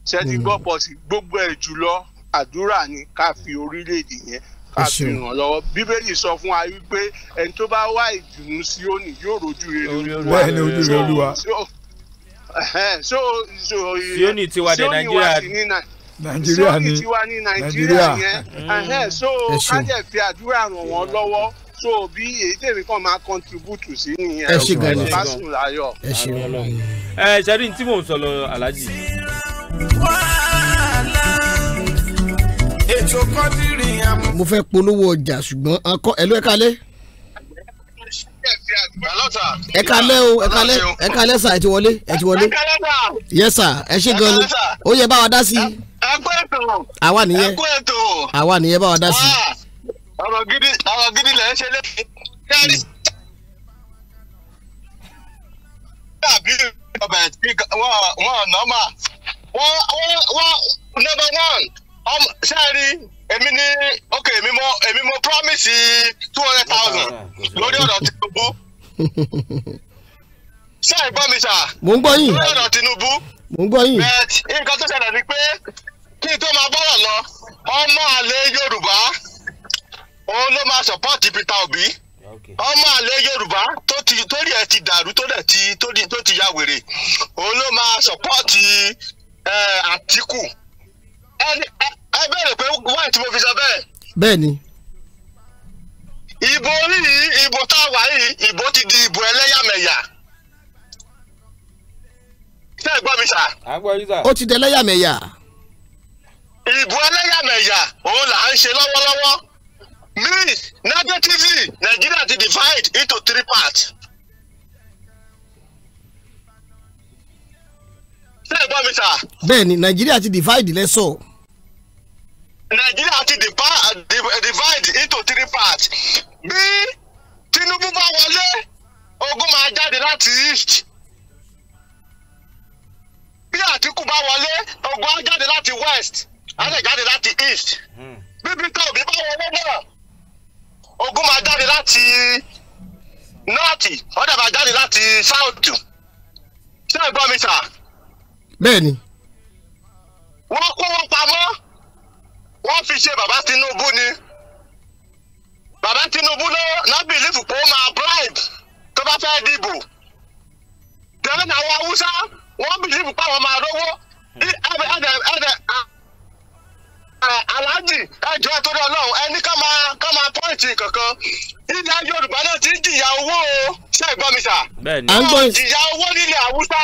ṣe ti gbọ́ pọ̀ hmm. sí gbogbo ẹ̀ jùlọ àdúrà ni ká fi orílẹ̀-èdè yẹn ká fi ràn lọ́wọ́ bíbélì sọ fún wa wípé ẹni tó bá wá ìdùnnú sí òní yóò rojú rere olúwa bẹ́ẹ̀ ni ojú rere olúwa. Eh, so so sioni tiwa dé nàìjíríà nàìjíríà ni nàìjíríà yẹn mm. so ká dẹ̀ fi àdúrà ràn wọ́n lọ́wọ́ so bí èyí tèmi kàn máa contribute sí nìyẹn ọ̀sán pásùn láyọ̀. ẹ ṣe rí ní tí mò ń sọ lọ aláàjì mo fẹ́ polówó ọjà ṣùgbọ́n akọ ẹ̀lú ẹ̀ka lẹ́. ẹ̀ka lẹ́ o ẹ̀ka lẹ́ ẹ̀ka lẹ́ sà ẹ̀ ti wọlé ẹ̀ ti wọlé. yẹ sà ẹ ṣe gan ni ó yẹ bá wa dá sí. ẹ̀kọ́ ètò àwa nìyẹn àwa nìyẹn bá dá sí. ọ̀rọ̀ gidi ọ̀rọ̀ gidi lẹ̀ ń ṣe lẹ́yìn dàbí ọbẹ̀ wọ́n wọ́n wọ́n number one. sẹ́ẹ̀rí um, èmi ní ok èmi mo èmi mo promise two hundred thousand lórí ọ̀dọ̀ Tinubu sẹ́ẹ̀ gbọ́ mi sà lórí ọ̀dọ̀ Tinubu but nǹkan tó ṣẹlẹ̀ ni pé kí n tó máa bọ́rọ̀ lọ ọmọ àlè Yorùbá òun ló máa support Peter Obi ọmọ àlè Yorùbá tó ti torí ẹ̀ ti dàrú tó dẹ̀ ti tó ti yá wèrè òun ló máa support eh, atiku. Uh, ẹ bẹ̀rẹ̀ pé wáyé mo fi sọ bẹ́ẹ̀. bẹ́ẹ̀ni. ìbò yìí ìbò tá a wà yìí ìbò ti di ìbò ẹlẹ́yàmẹ̀yà. ṣé ẹ gbọ́ mi sà. ó ti di ẹlẹ́yàmẹ̀yà. ìbò ẹlẹ́yàmẹ̀yà òun là ń ṣe lọ́wọ́lọ́wọ́ means negatively Nigeria ti divide into three parts. ṣé ẹ gbọ́ mi sà. bẹ́ẹ̀ni Nigeria ti divide lẹsọ. So nàìjíríà ti divide into three parts bí tinubu bá wọlé ogun máa jáde láti east bí àtìkù bá wọlé ogun á jáde láti west á lè jáde láti east hmm. bí peter obi bá wọlé náà ogun máa jáde láti north ọ̀dà máa jáde láti south ṣé ẹ gbọ́ mi sà. bẹ́ẹ̀ni. wọ́n kó wọ́n fi ṣe bàbá Tinubu ni bàbá Tinubu náà bìlífù pé ó máa bribe tó bá fẹ́ dìbò tẹ̀lé náà wọ́n Haúsá wọ́n bìlífù pé máa rówó aláàjì ẹjọ torí Ọlọ́run ẹni ká máa pọ́ǹtì kankan ilẹ̀ Yorùbá náà ti ń jìyà owó o ṣe é gbọ́ mi sà. bẹ́ẹ̀ni à owó nílẹ̀ Haúsá.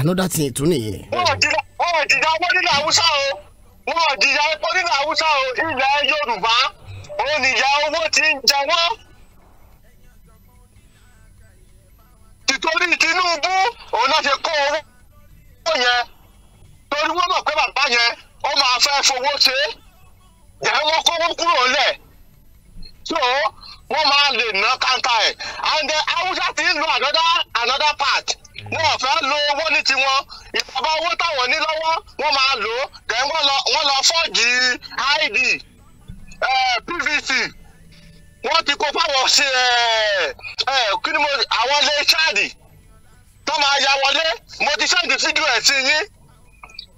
another thing tún nìyí. wọ́n jìyà owó nílẹ̀ Haúsá o. wọn ò jìyà epo nílẹ̀ haúsá o yorùbá òun nìyà owó ti ń jẹ wọ́n. tinubu òun náà ti kó owó yẹn torí wọ́n mọ̀ pé bàbá yẹn ó máa fẹ́ fowó ṣe é kúrò so máa lè ná kanta and eh, haúsá ti ń lo another part. wọn fẹ́ lo owó ní tiwọn ìfọ̀bá owó táwọn ní lọ́wọ́ wọ́n máa lò ó then wọ́n lọ fọ́ọ̀jì id eh, pvc wọ́n ti kó fáwọn ṣe eh, eh, kí ni mo àwọn ilé ṣáàdì tó máa ya wọlé mo ti ṣáàdì fídíò ẹ̀ sí yín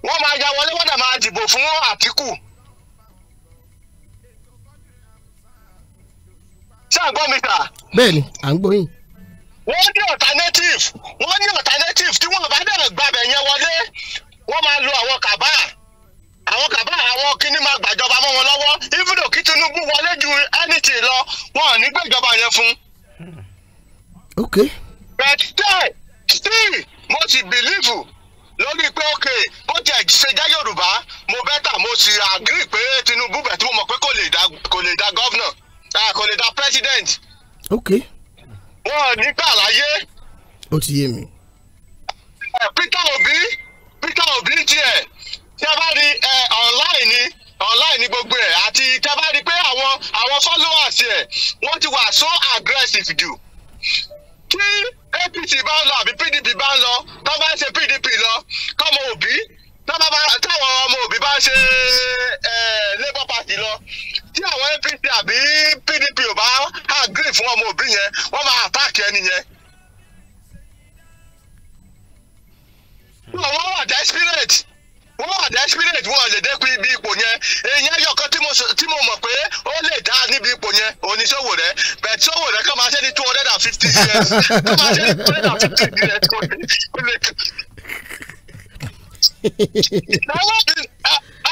wọ́n máa ya wọlé wọ́n dẹ̀ máa dìbò fún àtìkù. ṣé à mi ta. bẹ́ẹ̀ni à ń gbọ́ wọ́n ní alternative wọ́n ní alternative tí wọ́n bá dẹ̀rẹ̀ gbàbẹ̀ yẹn wọlé wọ́n máa lo àwọn kàbá àwọn kàbá àwọn kíní máa gbàjọba mọ́ wọn lọ́wọ́ even though kí Tinubu wọlé ju anything lọ wọn ní gbẹ̀jọba yẹn fún. ok. but then still mo ti believe lórí pé ok bó tiẹ̀ ṣe jẹ́ Yorùbá mo bẹ́tà mo sì agree pé Tinubu bẹ̀ tí mo mọ̀ pé kò lè da gọ́vnà kò lè da ah, president. ok. okay wọn ò ní gbà láyé. ó ti yé mi. Peter Obi Peter Obi tiẹ̀ tí a bá rí online ni online ni gbogbo ẹ̀ àti tí a bá rí pé àwọn àwọn followers ẹ̀ wọ́n ti wà so aggressive jù kí APC bá ń lọ àbí PDP bá ń lọ tó bá ń ṣe PDP lọ kọ́mọ Obi táwọn ọmọ òbí bá ṣe labour party lọ tí àwọn APC àbí PDP ò bá agree fún ọmọ òbí yẹn wọ́n máa attack ẹni yẹn. wọ́n wà desperate wọ́n wà desperate wọ́n lè dé ibi ipò yẹn èyí ẹyọ tí mo mọ̀ pé ó lè dá níbi ipò yẹn oníṣòwò rẹ bẹ́ẹ̀ tí òwò rẹ kàn máa ṣe ní two hundred and fifty years kàn máa ṣe ní two hundred and fifty years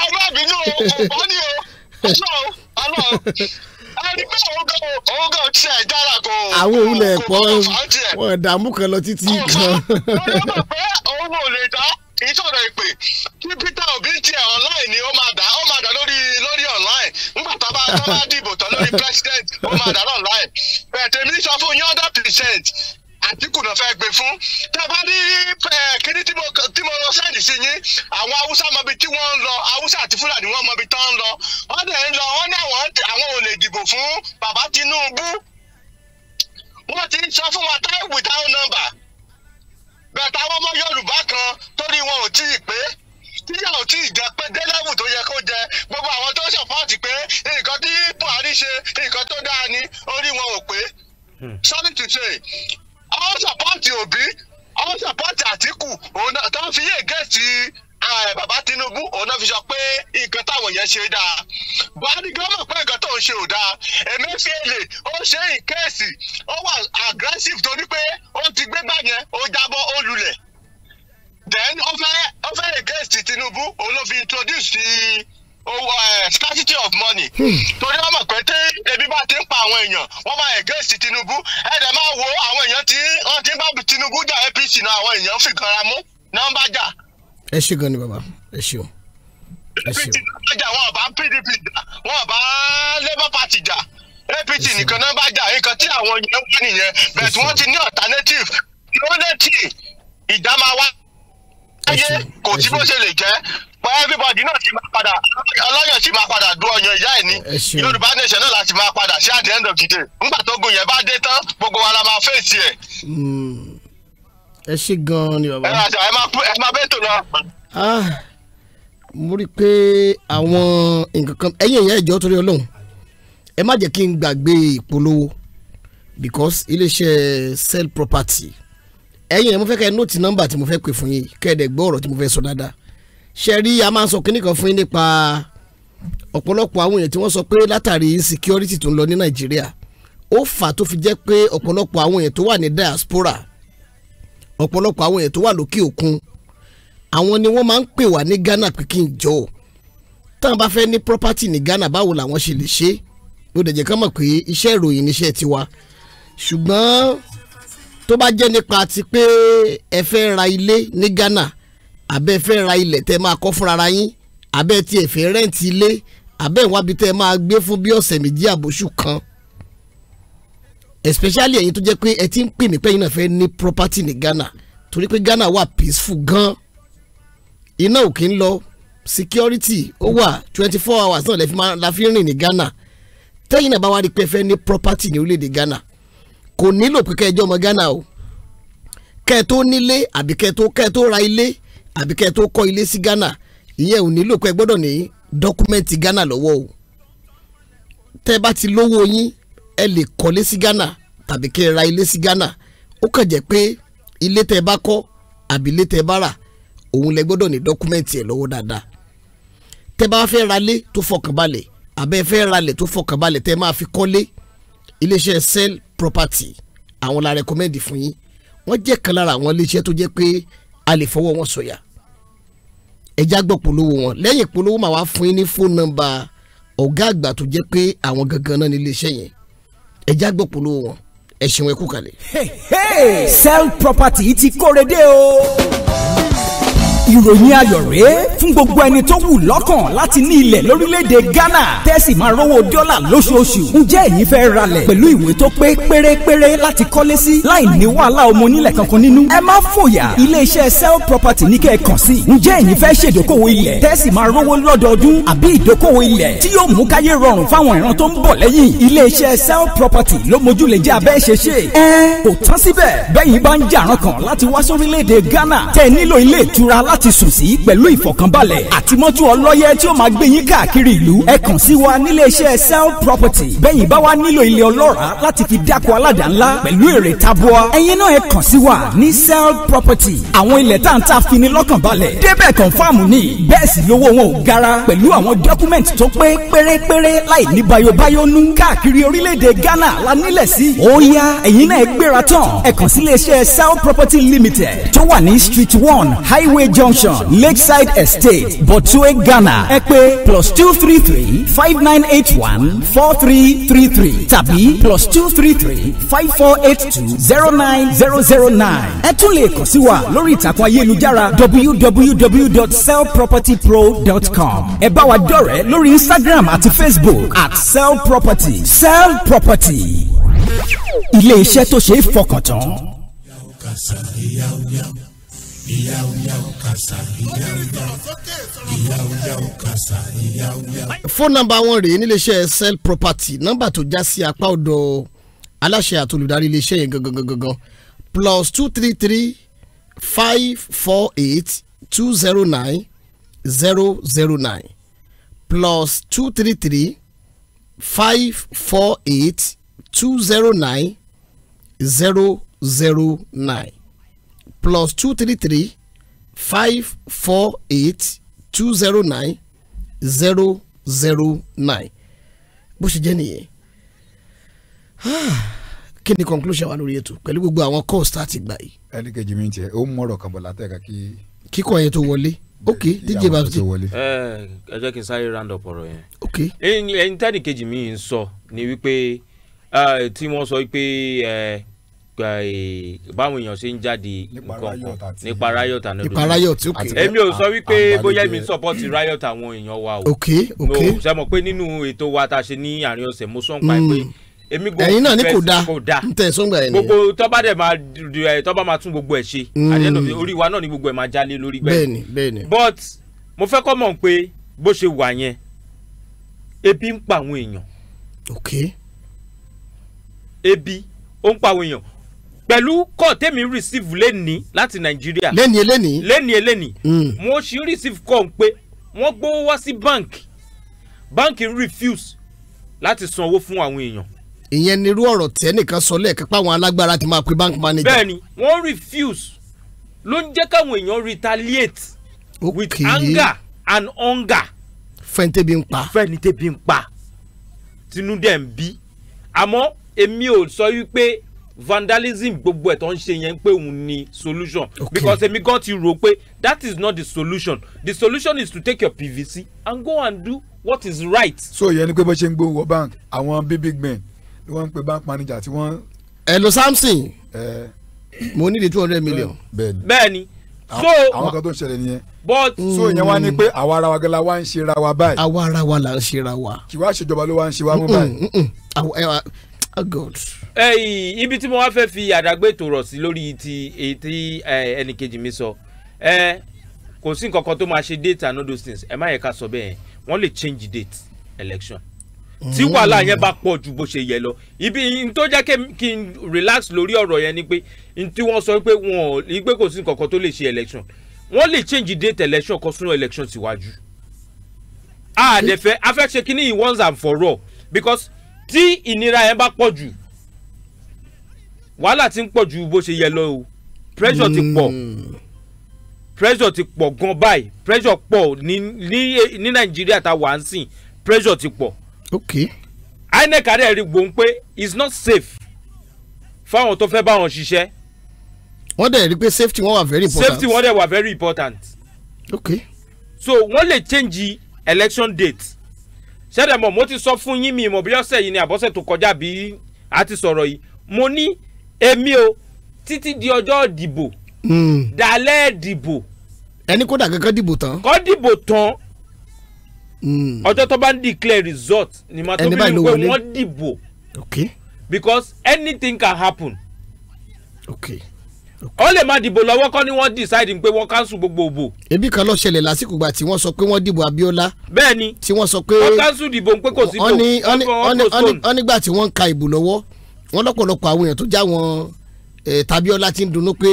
arábìnrin ọba ni o ọlọ́run ọlọ́run àdìgbò òun gan tí ẹ dára kò àwọn òun lè pọ wọn dààmú kan lọ títí kan. wọ́n mọ̀ pé òun ò lè dá ìsọ̀rọ̀ ìpè kí Peter Obi tiẹ̀ online ni ó máa dá ó máa dá lórí lórí online nígbà tó bá tó bá dìbò tán lórí president ó máa dá online bẹ̀ẹ̀ tèmi sọ fún yín hundred percent Àtíkù náà fẹ́ gbé fún tẹ́bá ní kíní tí mo lọ sẹ́ẹ̀dì sí yín àwọn haúsá mọbi tí wọ́n ń lọ haúsá àti fúlàní wọ́n mọbi tán ń lọ wọ́n dẹ̀ ń lọ wọ́n ní àwọn ò lè dìbò fún bàbá Tinubu wọ́n ti ń sọ fún wa time without number bẹ̀tà àwọn ọmọ Yorùbá kan torí wọn ò tí ì pé tíyà ò tí ì jẹ pé délẹ́wù tó yẹ kó jẹ gbogbo àwọn tó ṣọ̀pọ̀tì pé nǹkan tí Buhari ṣe nǹkan tó dáa ni orí wọn ò pé hmm. sorry to say àwọn sọpọ́ǹtì òbí àwọn sọpọ́ǹtì àtìkù òun tó ń fi yé gẹ̀ẹ́sì eh, bàbá Tinubu òun náà fi sọ pé nǹkan táwọn yẹn ṣe dáa Buhari gan mọ̀ pé nǹkan tó ń ṣe ò dáa Emefiele ó ṣe ìkẹ́ẹ̀sì ó wà aggressive torí pé ó ti gbé gbà yẹn ó jábọ́ ó lulẹ̀ then ó fẹ́ ó fẹ́ against Tinubu òun ló fi introduce the scarcity of money hmm. torí wọ́n mọ̀ pé tí ebi bá ti ń pa àwọn èèyàn wọ́n máa against Tinubu ẹ̀ẹ́dẹ̀ máa wo àwọn èèyàn tí wọ́n ti ń bá Tinubu jà APC náà àwọn èèyàn fi kanra mú náà ń bá jà. ẹ ṣe gan ni bàbá ẹ ṣe o ẹ ṣe o. ọjà wọn bá PDP jà wọn bá Labour Party jà APC nìkan náà bá jà nǹkan tí àwọn yẹn wá nìyẹn bẹ̀tù wọ́n ti ní alternative lónìí ìjà máa wá. ayé kò sí bó ṣe lè jẹ́ but everybody náà ti máa padà ọlọ́yàn sì máa padà du ọyàn ìyá ẹ̀ ni yorùbá nation náà láti máa padà sí at the end of the day nígbà tó gun yẹn bá dé tán gbogbo wa la máa fèsì ẹ̀. Hmm. ẹ ṣe gan-an ni bàbá. ẹ máa bẹ́tò náà. Ah, mo rí i pé àwọn nǹkan kan ẹ̀yin ìyá ìjọ torí ọlọ́run ẹ má jẹ́ kí n gbàgbé ìpolówó because iléeṣẹ́ sell property ẹ̀yin ẹ̀ mo fẹ́ kẹ́ ẹ nóòtì nọ́mbà tí mo fẹ́ pè fún yín kẹ́ ẹ̀ dẹ̀ gbọ́ ọ̀rọ̀ tí mo fẹ́ sọ dáadáa ṣe rí a máa sọ kínní kan fún yín nípa ọ̀pọ̀lọpọ̀ àwọn èèyàn tí wọ́n sọ pé látàrí insecurity tó ń lọ ní nàìjíríà ó fà tó fi jẹ́ pé ọ̀pọ̀lọpọ̀ àwọn èèyàn tó wà ní diaspora ọ̀pọ̀lọpọ̀ àwọn èèyàn tó wà lókè òkun àwọn ni wọ́n máa ń pè wá ní Ghana pé kí n jọ táwọn bá fẹ́ ní property ní Ghana báwo làwọn ṣe lè ṣe ó dẹ̀ jẹ́ mọ̀ pé iṣẹ́ ìròyìn níṣẹ́ tiwa ṣùgbọ́n tó bá jẹ́ nípa ti pé ẹ fẹ́ ra ilé ní Ghana àbẹ́ fẹ́ ra ilẹ̀ tẹ́ máa kọ́ fúnra yín àbẹ́ tiẹ̀ fẹ́ rẹ́ǹtì ilé àbẹ́ ìwábi tẹ́ máa gbé fún bí ọ̀sẹ̀ méjì àbóṣù kan especially ẹ̀yin tó jẹ́ pé ẹ ti ń pè mí pé náà fẹ́ ní property ní Ghana torí pé Ghana wà peaceful gan iná ò ń lọ security ó wà twenty four hours náà lẹ́fí máa la fi rìn ní Ghana tẹ́yìn náà bá wá rí pé fẹ́ ní property ní orílẹ̀-èdè Ghana kò nílò pé kẹ́ ẹ jẹ́ ọmọ Ghana o kẹ́ ẹ tó nílé àbí kẹ́ ẹ tó kẹ́ ẹ tó ra ilé àbí kẹ́ ẹ tó kọ́ ilé sí Ghana ìyẹn ò nílò pé ẹ gbọ́dọ̀ ní dọ́kúmẹ́ǹtì Ghana lọ́wọ́ o tẹ́ ẹ bá ti lówó yín ẹ lè kọ́lé sí Ghana tàbí kẹ́ ẹ ra ilé sí Ghana ó kàn jẹ́ pé ilé tẹ́ ẹ bá kọ́ àbí ilé tẹ́ ẹ bá rà òun lẹ gbọ́dọ̀ ní dọ́kúmẹ́ǹtì ẹ̀ lọ́wọ́ dáadáa tẹ́ bá fẹ́ ralé tó fọkànbalẹ̀ àbẹ́ fẹ́ ralẹ̀ tó fọkànbalẹ̀ tẹ́ máa fi kọ́lé iléeṣẹ́ sell property àwọn la rẹkọmẹ́ndì fún yín wọ́n jẹ́ kan lára àwọn iléeṣẹ́ tó jẹ́ pé a fọwọ́ wọn sọ̀yà ẹja gbọ́ polówó wọn lẹ́yìn polówó màá wá fún yín ní fóònù nọ́mbà ọ̀gá àgbà tó jẹ́ pé àwọn gangan náà ní iléeṣẹ́ yẹn ẹja gbọ́ polówó wọn ẹ̀sìn wọn ẹ̀kú kalẹ̀. Sell property ti kórede o ìròyìn ayọ̀ rèé fún gbogbo ẹni tó wù lọ́kàn láti ní ilẹ̀ lórílẹ̀‐èdè Ghana tẹ́sí máa rówó dọ́là lóṣooṣù ǹjẹ́ ẹ̀yin fẹ́ ralẹ̀ pẹ̀lú ìwé tó pé pérépéré láti kọ́lé sí láì ní wàhálà ọmọ onílẹ̀ kankan nínú ẹ má fòyà iléeṣẹ́ sell property ní kẹ́ ẹ kàn sí ǹjẹ́ ẹ̀yin fẹ́ ṣèdókòwò ilẹ̀ tẹ́sí máa rówó lọ́dọọdún àbí ìdókòwò ilẹ̀ tí yóò mú káyé rọrùn fáwọn ìran tó ń bọ̀ lẹ́yìn iléeṣẹ́ sell property ló mojú lè jẹ́ abẹ́ ṣe ṣe ẹ kò tán síbẹ̀ bẹ́yìn bá ń jàrán Ghana tẹ́ nílò ilé láti sùn sí pẹ̀lú ìfọ̀kànbalẹ̀ àti mọ́tò ọlọ́yẹ tí ó máa gbé yín káàkiri ìlú ẹ kàn sí wa nílé iṣẹ́ sell property bẹ́yìn bá wa nílò ilé ọlọ́ràá láti fi dáko aládàá-ńlá pẹ̀lú èrè tabua ẹ̀yin náà ẹ kàn sí wa ní sell property àwọn ilẹ̀ tá à ń ta fini lọ́kàn balẹ̀ débẹ̀ kọ̀nfàmù ni bẹ́ẹ̀ sì lówó wọn ò gara pẹ̀lú àwọn dọ́kúmẹ̀ntì tó pé pérépéré láì ní bayobayo nú káàkiri orílẹ̀-èdè Ghana la nílẹ̀ sí ó yá ẹ̀yin náà ẹ gbéra tán ẹ kàn sí ilé iṣẹ́ sell property limited tó wà ní street one highway jọ junction lakeside estate botue ghana ẹ pè plus two three three five nine eight one four three three three tàbí plus two three three five four eight two zero nine zero zero nine ẹ tún lè kàn sí wa lórí ìtàkùn ayélujára www.sellpropertypro.com ẹ bá wa dọ̀rẹ́ lórí instagram àti facebook at sellproperty sellproperty ilé iṣẹ́ tó ṣe é fọkàn tán fóònù nọ́mbà wọn rèé níléeṣẹ́ sell property nọ́mbà tó já sí apá ọ̀dọ̀ aláṣẹ àti olùdarí iléeṣẹ́ yẹn gangan gangan plus two three three five four eight two zero nine zero zero nine plus two three three five four eight two zero nine zero zero nine plus two three three five four eight two zero nine zero zero nine bó ṣe jẹ́ nìyẹn kí ni conclusion wa lórí ètò pẹ̀lú gbogbo àwọn calls tá a ti gbà yìí. ẹni kejì mi ń tiẹ̀ ó mú ọ̀rọ̀ kan bọ̀ látẹ̀ka kí. kíkọ yẹn tó wọlé ok díje bá ti. ẹ jẹ́ kí n sáré round up ọ̀rọ̀ yẹn. ok ẹni tẹ́ni kejì mi ń sọ ni wípé tí wọ́n sọ wípé Eh, báwọn èèyàn ṣe ń jáde nǹkan kan nípa riot and nípa riot ok èmi ò sọ wípé ah, ah, bóyá èmi ń support riot àwọn èèyàn wa o ok ok no ṣe mọ̀ pé nínú ètò wa tá ṣe ní àárín ọ̀sẹ̀ mo sọ ń pa pé mm. èmi gbogbo ẹ̀yin náà ní kò da ntẹ̀ sọ́ngbà ẹ̀ nìyẹn gbogbo tọ́ba dẹ̀ máa eh, tọ́ba máa tún gbogbo ẹ̀ ṣe àdéhùn mm. orí wa náà ni gbogbo ẹ̀ máa jálé lórí gbẹ̀ bẹ́ẹ̀ni bẹ́ẹ̀ni but mo fẹ́ kọ́ mọ̀ pé bó ṣe wà yẹn ebi ń pa àwọn èèyàn ok ebi ó ń pa àwọn èèyàn pẹ̀lú kọ́ tẹ́mi receive lẹ́ni láti nàìjíríà lẹ́ni eléni lẹ́ni eléni hmm. mo ṣì receive kọ́ ń pé wọ́n gbówó wá sí báǹkì báǹkì refuse láti san owó fún àwọn èèyàn. ìyẹn ni irú ọ̀rọ̀ tẹ́nìkan sọ lẹ́ẹ̀kan páwọn alágbára ti máa pe bank manager. bẹ́ẹ̀ni wọ́n refuse ló ń jẹ́ káwọn èèyàn retaliate okay. with anger and hunger. fẹ́ntẹ́bi ń pa. fẹ́ntẹ́bi ń pa tinú dẹ̀ ń bí àmọ́ èmi ò sọ wípé vandalism gbogbo ẹ̀ tó ń ṣe yẹn pé òun ni solution okay. because èmi gan ti rò pé that is not the solution the solution is to take your PVC and go and do what is right. so ìyẹn ni pé bó ṣe ń gbowó bank àwọn big big men ni wọ́n ń pe bank manager tí wọ́n. ẹ lo samson mo ní di two hundred million. bẹ́ẹ̀ni so àwọn kan tó ń ṣẹlẹ̀ nìyẹn. but so ìyẹn wá ní pé àwa ara wa gẹ́la wa ń ṣe ra wa báyìí. àwa ara wa là ń ṣe ra wa. kì wá ṣèjọba ló wá ń ṣe wa mú báyìí good. ibi tí mo wá fẹ́ fi àdágbé ètò rọ̀ sí lórí ti èyí tí eh, ẹnìkejì mi sọ eh, kò sí nǹkan kan tó máa ṣe date and all those things ẹ má yẹ ká sọ bẹ́ẹ̀ wọ́n lè change date election tí mm. wàhálà yẹn bá pọ̀ ju bó ṣe yẹ lọ ibi tó jẹ́ kí n relax lórí ọ̀rọ̀ yẹn ni pé tí wọ́n sọ pé wọn ò ní pé kò sí nǹkan tó lè ṣe election wọ́n lè change date election kan sún election síwájú. a dẹ̀ fẹ́ a fẹ́ ṣe kínní yìí once and for all because tí ìnira yẹn bá pọ̀ jù wàhálà ti ń pọ̀ ju bó ṣe yẹ lọ o pressure ti pọ̀ hmm. pressure ti pọ̀ gan báyìí pressure pọ̀ ní ní ní nàìjíríà tá a wà á sìn pressure ti pọ̀. okay. inec àárẹ̀ rí gbòó pé it's not safe fáwọn tó fẹ́ bá wọn ṣiṣẹ́. wọ́n dẹ̀ rí pé safety wọn wà very important. safety wọn dẹ̀ wà very important. okay. so wọ́n lè change election date ṣẹ́dẹ̀ mọ̀ mo ti sọ fún yín mi ìmọ̀ bí ọ̀sẹ̀ yìí ni àbọ̀sẹ̀ tó kọjá bí a ti sọ̀rọ̀ yìí mo ní èmi o títí di ọjọ́ ìdìbò hmm. dalẹ́ ìdìbò. ẹni kódà kankan dìbò tán. kọ́ dìbò tán hmm. ọjọ́ tó bá ń declare result ni màá tó bí wípé wọ́n dìbò because anything can happen. Okay ó lè má dìbò lọ́wọ́ kọ́ ni wọ́n decide pé wọ́n cancel gbogbo òbò. ebi kan ló ṣẹlẹ̀ lásìkò gbà tí wọ́n sọ pé wọ́n dìbò Abiola. bẹ́ẹ̀ni tí wọ́n sọ pé wọ́n cancel dìbò pé kò sí bò wọ́n nígbà tí wọ́n ń ka ìbò lọ́wọ́ wọ́n lọ́pọ̀lọpọ̀ àwọn èèyàn tó já wọn eh, Tabiola ti ń dunnú pé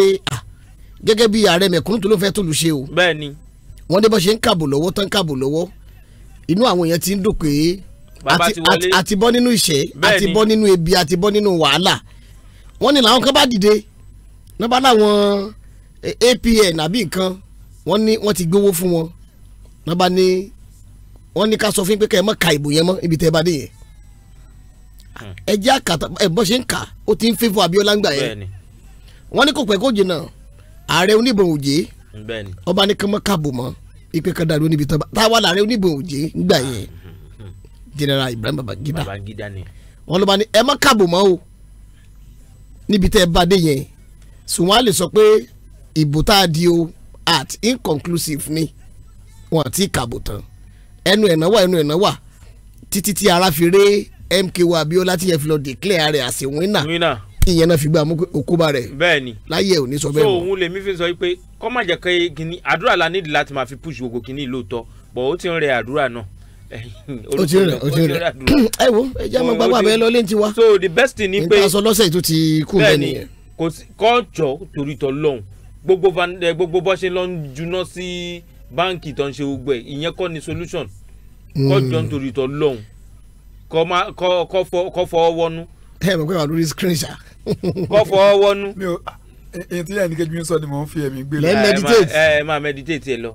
gẹ́gẹ́ bí ààrẹ mẹ̀kúnnù tó ló fẹ́ tó lù ṣe o. bẹ́ẹ̀ni. wọ́n dé ṣe ń kàbò lọ́wọ́ tán kàbò lọ́wọ́ inú àwọn èèyàn ti ń dùn pé àti bọ́ nínú ìṣẹ́ àti bọ́ nínú ebi àti bọ́ nínú wàhálà wọ́n ní làwọn kan bá dìde nọ́mbà láwọn eh, APN àbí nǹkan wọ́n ní wọ́n ti gbowó fún wọn nọ́mbà ní wọ́n ní ká sọ fún yín pé kẹ́ ẹ má ka ìbò yẹn mọ́ ibi tẹ́ ẹ bá dé yẹn hmm. ẹ jẹ́ àkàtà ẹ bọ́ ṣe ń kà ó ti ń fẹ́ fún Abiola ńgbà yẹn wọ́n ní kò pẹ́ kó jìnnà ààrẹ oníbọn òjé ọba ní kàn mọ́ káàbò mọ́ ipe kan dàrú níbi tọ́ba táwa làárẹ̀ oníbọn òjé ńgbà hmm. yẹn hmm. general Ibrahim Babangida wọ́n ló bá ní ẹ má káàbò mọ́ o níbi tẹ́ bá dé yẹn ṣùgbọ́n a lè sọ pé ìbò tá a di o at inconclusive ni wọn àti ìkàbò tán ẹnu ẹ̀nà wà ẹnu ẹ̀nà wà títí tí ara fi ré MKO Abiola tí yẹn fi lọ declare rẹ̀ as a winner ìyẹn náà fi gbà mú òkúba rẹ̀ láyé ò ní sọ bẹ́ẹ̀ mọ́. so òun lèmi fi sọ pé kọ́mọ̀jẹ̀ kẹ́ gini àdúrà la nídìí láti máa fi push gbogbo kini lóòótọ́ bọ̀ ó ti ń rẹ àdúrà náà o ti rẹ o ti rẹ ẹ wo ẹ jẹ́ àmọ́ gbàgbọ́ àbẹ́ lọ lẹ́ntì wa. so the best thing ni pé n ta kò sí kọ́jọ́ torí tọ́ lọ́hùn gbogbo eh, gbogbo bó ṣe lọ ń juná sí báǹkì tó ń ṣe gbogbo ẹ̀ ìyẹn kọ́ ni solution kọ́jọ́ hmm. torí tọ́ lọ́hùn kọ́ fọwọ́ wọnú. ẹ mọ̀ pé wà lórí screen ṣá. kọ́ fọwọ́ wọnú. èyí tí yàrá nìkejì mi sọ ni mò ń fi ẹ̀mí gbé lọ. Eh, eh, ẹ meditate ẹ máa meditate ẹ lọ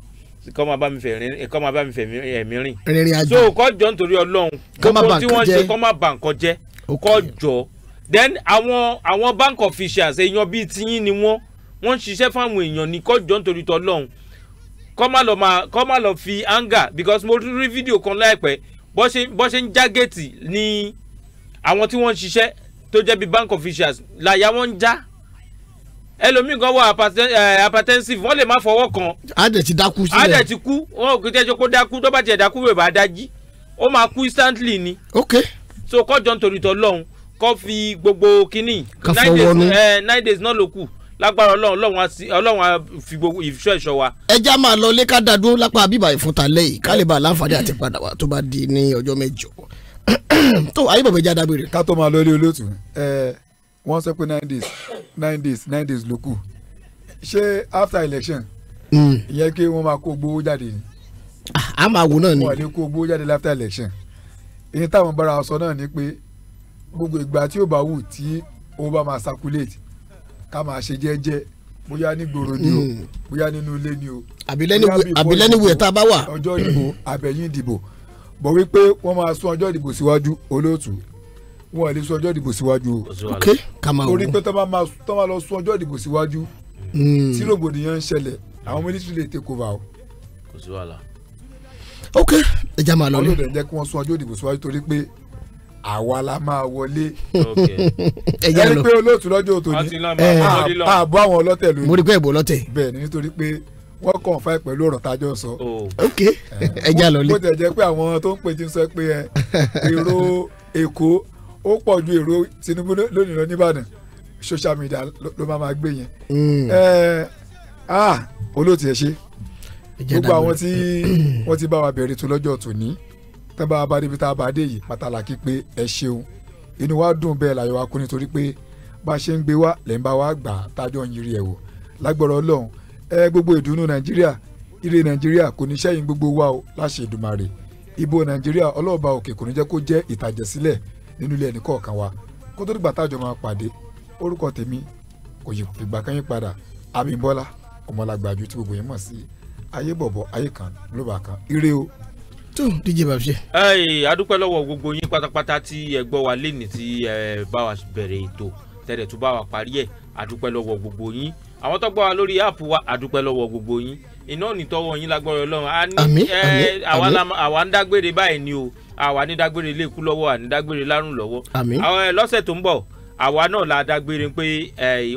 kọ́ máa bá mi fẹ̀ rìn kọ́ máa bá mi fẹ̀ ẹ̀mí rìn. rìnrìn àjò so kọ́ jọ nítorí ọlọ́run kókó tí wọ́n ṣe kọ́ máa bà nǹkan jẹ́ kọ́ then àwọn àwọn bank officials èèyàn bíi tiyín ni wọ́n wọ́n ń ṣiṣẹ́ fáwọn èèyàn ní kọ́jọ́ nítorí tọ́lọ́hún kọ́ má lọ máa kọ́ má lọ fi anger because mo rí fídíò kan láìpẹ́ bó ṣe bó ṣe ń já géètì ní àwọn tí wọ́n ń ṣiṣẹ́ tó jẹ́ bíi bank officials làyà wọ́n ń já ẹlòmíì kan wà hypertensive eh, wọ́n lè má fọwọ́ kan. adẹ̀ ti dákú sílẹ̀ adẹ̀ ti kú wọn ò kí tẹ́jọ́ kó dákú tó bá tiẹ̀ dákú wèé bá dájí ó máa kú instantly ni. ok so kọjọ nítorí tọ lọ́hùn kọ́ fi gbogbo kínní nine days náà ló kù lágbára ọlọ́run ọlọ́run á fi gbogbo ìfisọ́ ẹ̀ṣọ́ wa. ẹ já máa lọ lé ká dàdúró lápá àbíbà ìfúnta lẹ́yìn ká lè bá láǹfààní àti padà wá tó bá di ní ọjọ́ mẹ́jọ. tó ayé bàbá ìjà dábìrì. ká tó máa lọ ilé olóòtú wọ́n sọ pé nine days nine days nine days ló kù ṣé after election hmm. ìyẹn kí wọ́n máa kó gbowó jáde ni. Ah, a máa wò náà ni. wọ́n lè kó gbowó jáde after election èyí táwọn bára sọ náà ni pé gbogbo ìgbà tí ó bá wù tí owó bá máa circulate ká máa ṣe jẹ́jẹ́ bóyá nígboro ni o hmm. bóyá nínú ilé ni o. àbí lẹ́niwẹ̀ tá a bá wà. ọjọ́ ìdìbò àbẹ̀yìn ìdìbò bọ̀ wípé wọ́n máa sún ọjọ́ ìdìbò síwájú olóòtú wọn ò lè sún ọjọ́ ìdìbò síwájú o. ok kàmá o. torí pé tó máa lọ sún ọjọ́ ìdìbò síwájú hmm. tí rògbòdìyàn ń ṣẹlẹ̀ àwọn military lè take over o. kò sí wàhálà. máa lọ ní. wọ́n ló jẹ́ kí wọ́n sún ọjọ́ ìdìbò síwájú torí pé àwa la máa wọlé ẹni pé olóòtú lọ́jọ́ òtò ní àbọ̀ àwọn ọlọ́tẹ̀ lónìí. mo rí pé ẹ̀bùn ọlọ́tẹ̀. bẹ́ẹ̀ nítorí pé wọ́n kàn fáì pẹ̀lú ọ̀rọ̀ tájọ́ sọ. Oh. ok ẹja lọ lé. bó tẹ̀ jẹ́ pé àwọn tó ń pè ti sọ pé eh, èrò èkó ó pọ̀ ju èrò Tinubu lónìí lọ nìbàdàn social media ló máa máa gbé yẹn. Mm. Eh, ah, olóòtú ẹ ṣe gbogbo àwọn tí wọ́n ti bá wa bẹ̀rẹ̀ tó lọ́jọ́ tòní tá bá bá débi tá a bá dé yìí pátálà kí pé ẹ ṣeun inú wa dùn bẹ́ẹ̀ láyọ̀ wa kú nítorí pé bá a ṣe ń gbé wa lẹ́ ń bá wa gbà á tájọ́ ń yiri ẹ̀ wò lágbọ̀rọ̀ ọlọ́run ẹ gbogbo ìdùnnú nàìjíríà ire nàìjíríà kò ní sẹ́yìn gbogbo wa o láṣẹ Èdùmàrè ìbò nàìjíríà ọlọ́ọ̀bà òkè kò ní jẹ́ kó jẹ́ ìtàjẹ̀sílẹ̀ nínú ilé ẹnì wa kó tó dìgbà tájọ máa pàdé orúkọ tèmi kò yí ìgbà kan yín padà Abímbọ́lá ọmọlágbàjú tí gbogbo yín mọ̀ sí ayé bọ̀bọ̀ ayé kan ló kan ire o tó díje bàbá ṣe. ẹ adúpẹ́ lọ́wọ́ gbogbo yín pátápátá tí ẹ gbọ́ wa lénìí tí ẹ bá wa bẹ̀rẹ̀ ètò tẹ̀rẹ̀ tó bá wa parí ẹ̀ adúpẹ́ lọ́wọ́ gbogbo yín àwọn tó gbọ́ wa lórí áàpù wa adúpẹ́ lọ́wọ́ gbogbo yín iná nìtọ́wọ́ yín lágbọ́rọ̀ ọlọ́run a ní àwa ń dágbére báyìí ni o àwa ní dágbére ilé ikú lọ́wọ́ àní dágbére lárùn lọ́wọ́ lọ́sẹ̀ tó ń bọ̀ àwa náà la dágbére pé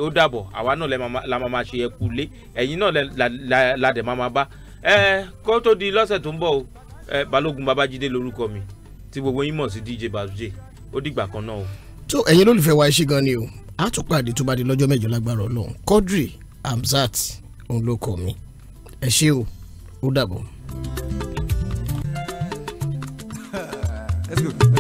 ó dàbọ̀ àwa náà la máa ṣe ẹkú lé ẹ̀yin náà la dẹ̀ máa bá kó tó di lọ́sẹ̀ tó ń bọ̀ o ẹ balógun babájídé lórúkọ mi tí gbogbo yín mọ̀ sí dj bazuje ó dìgbà kan náà o. tó ẹ̀yin lólùfẹ́ wa ṣe gan ni o a tún pàdé tó bá di lọ́jọ́ mẹ́jọ lágbára ọlọ́run Quadri Hamzat òun ló kọ mi ẹ o ó dàbọ̀. let's go.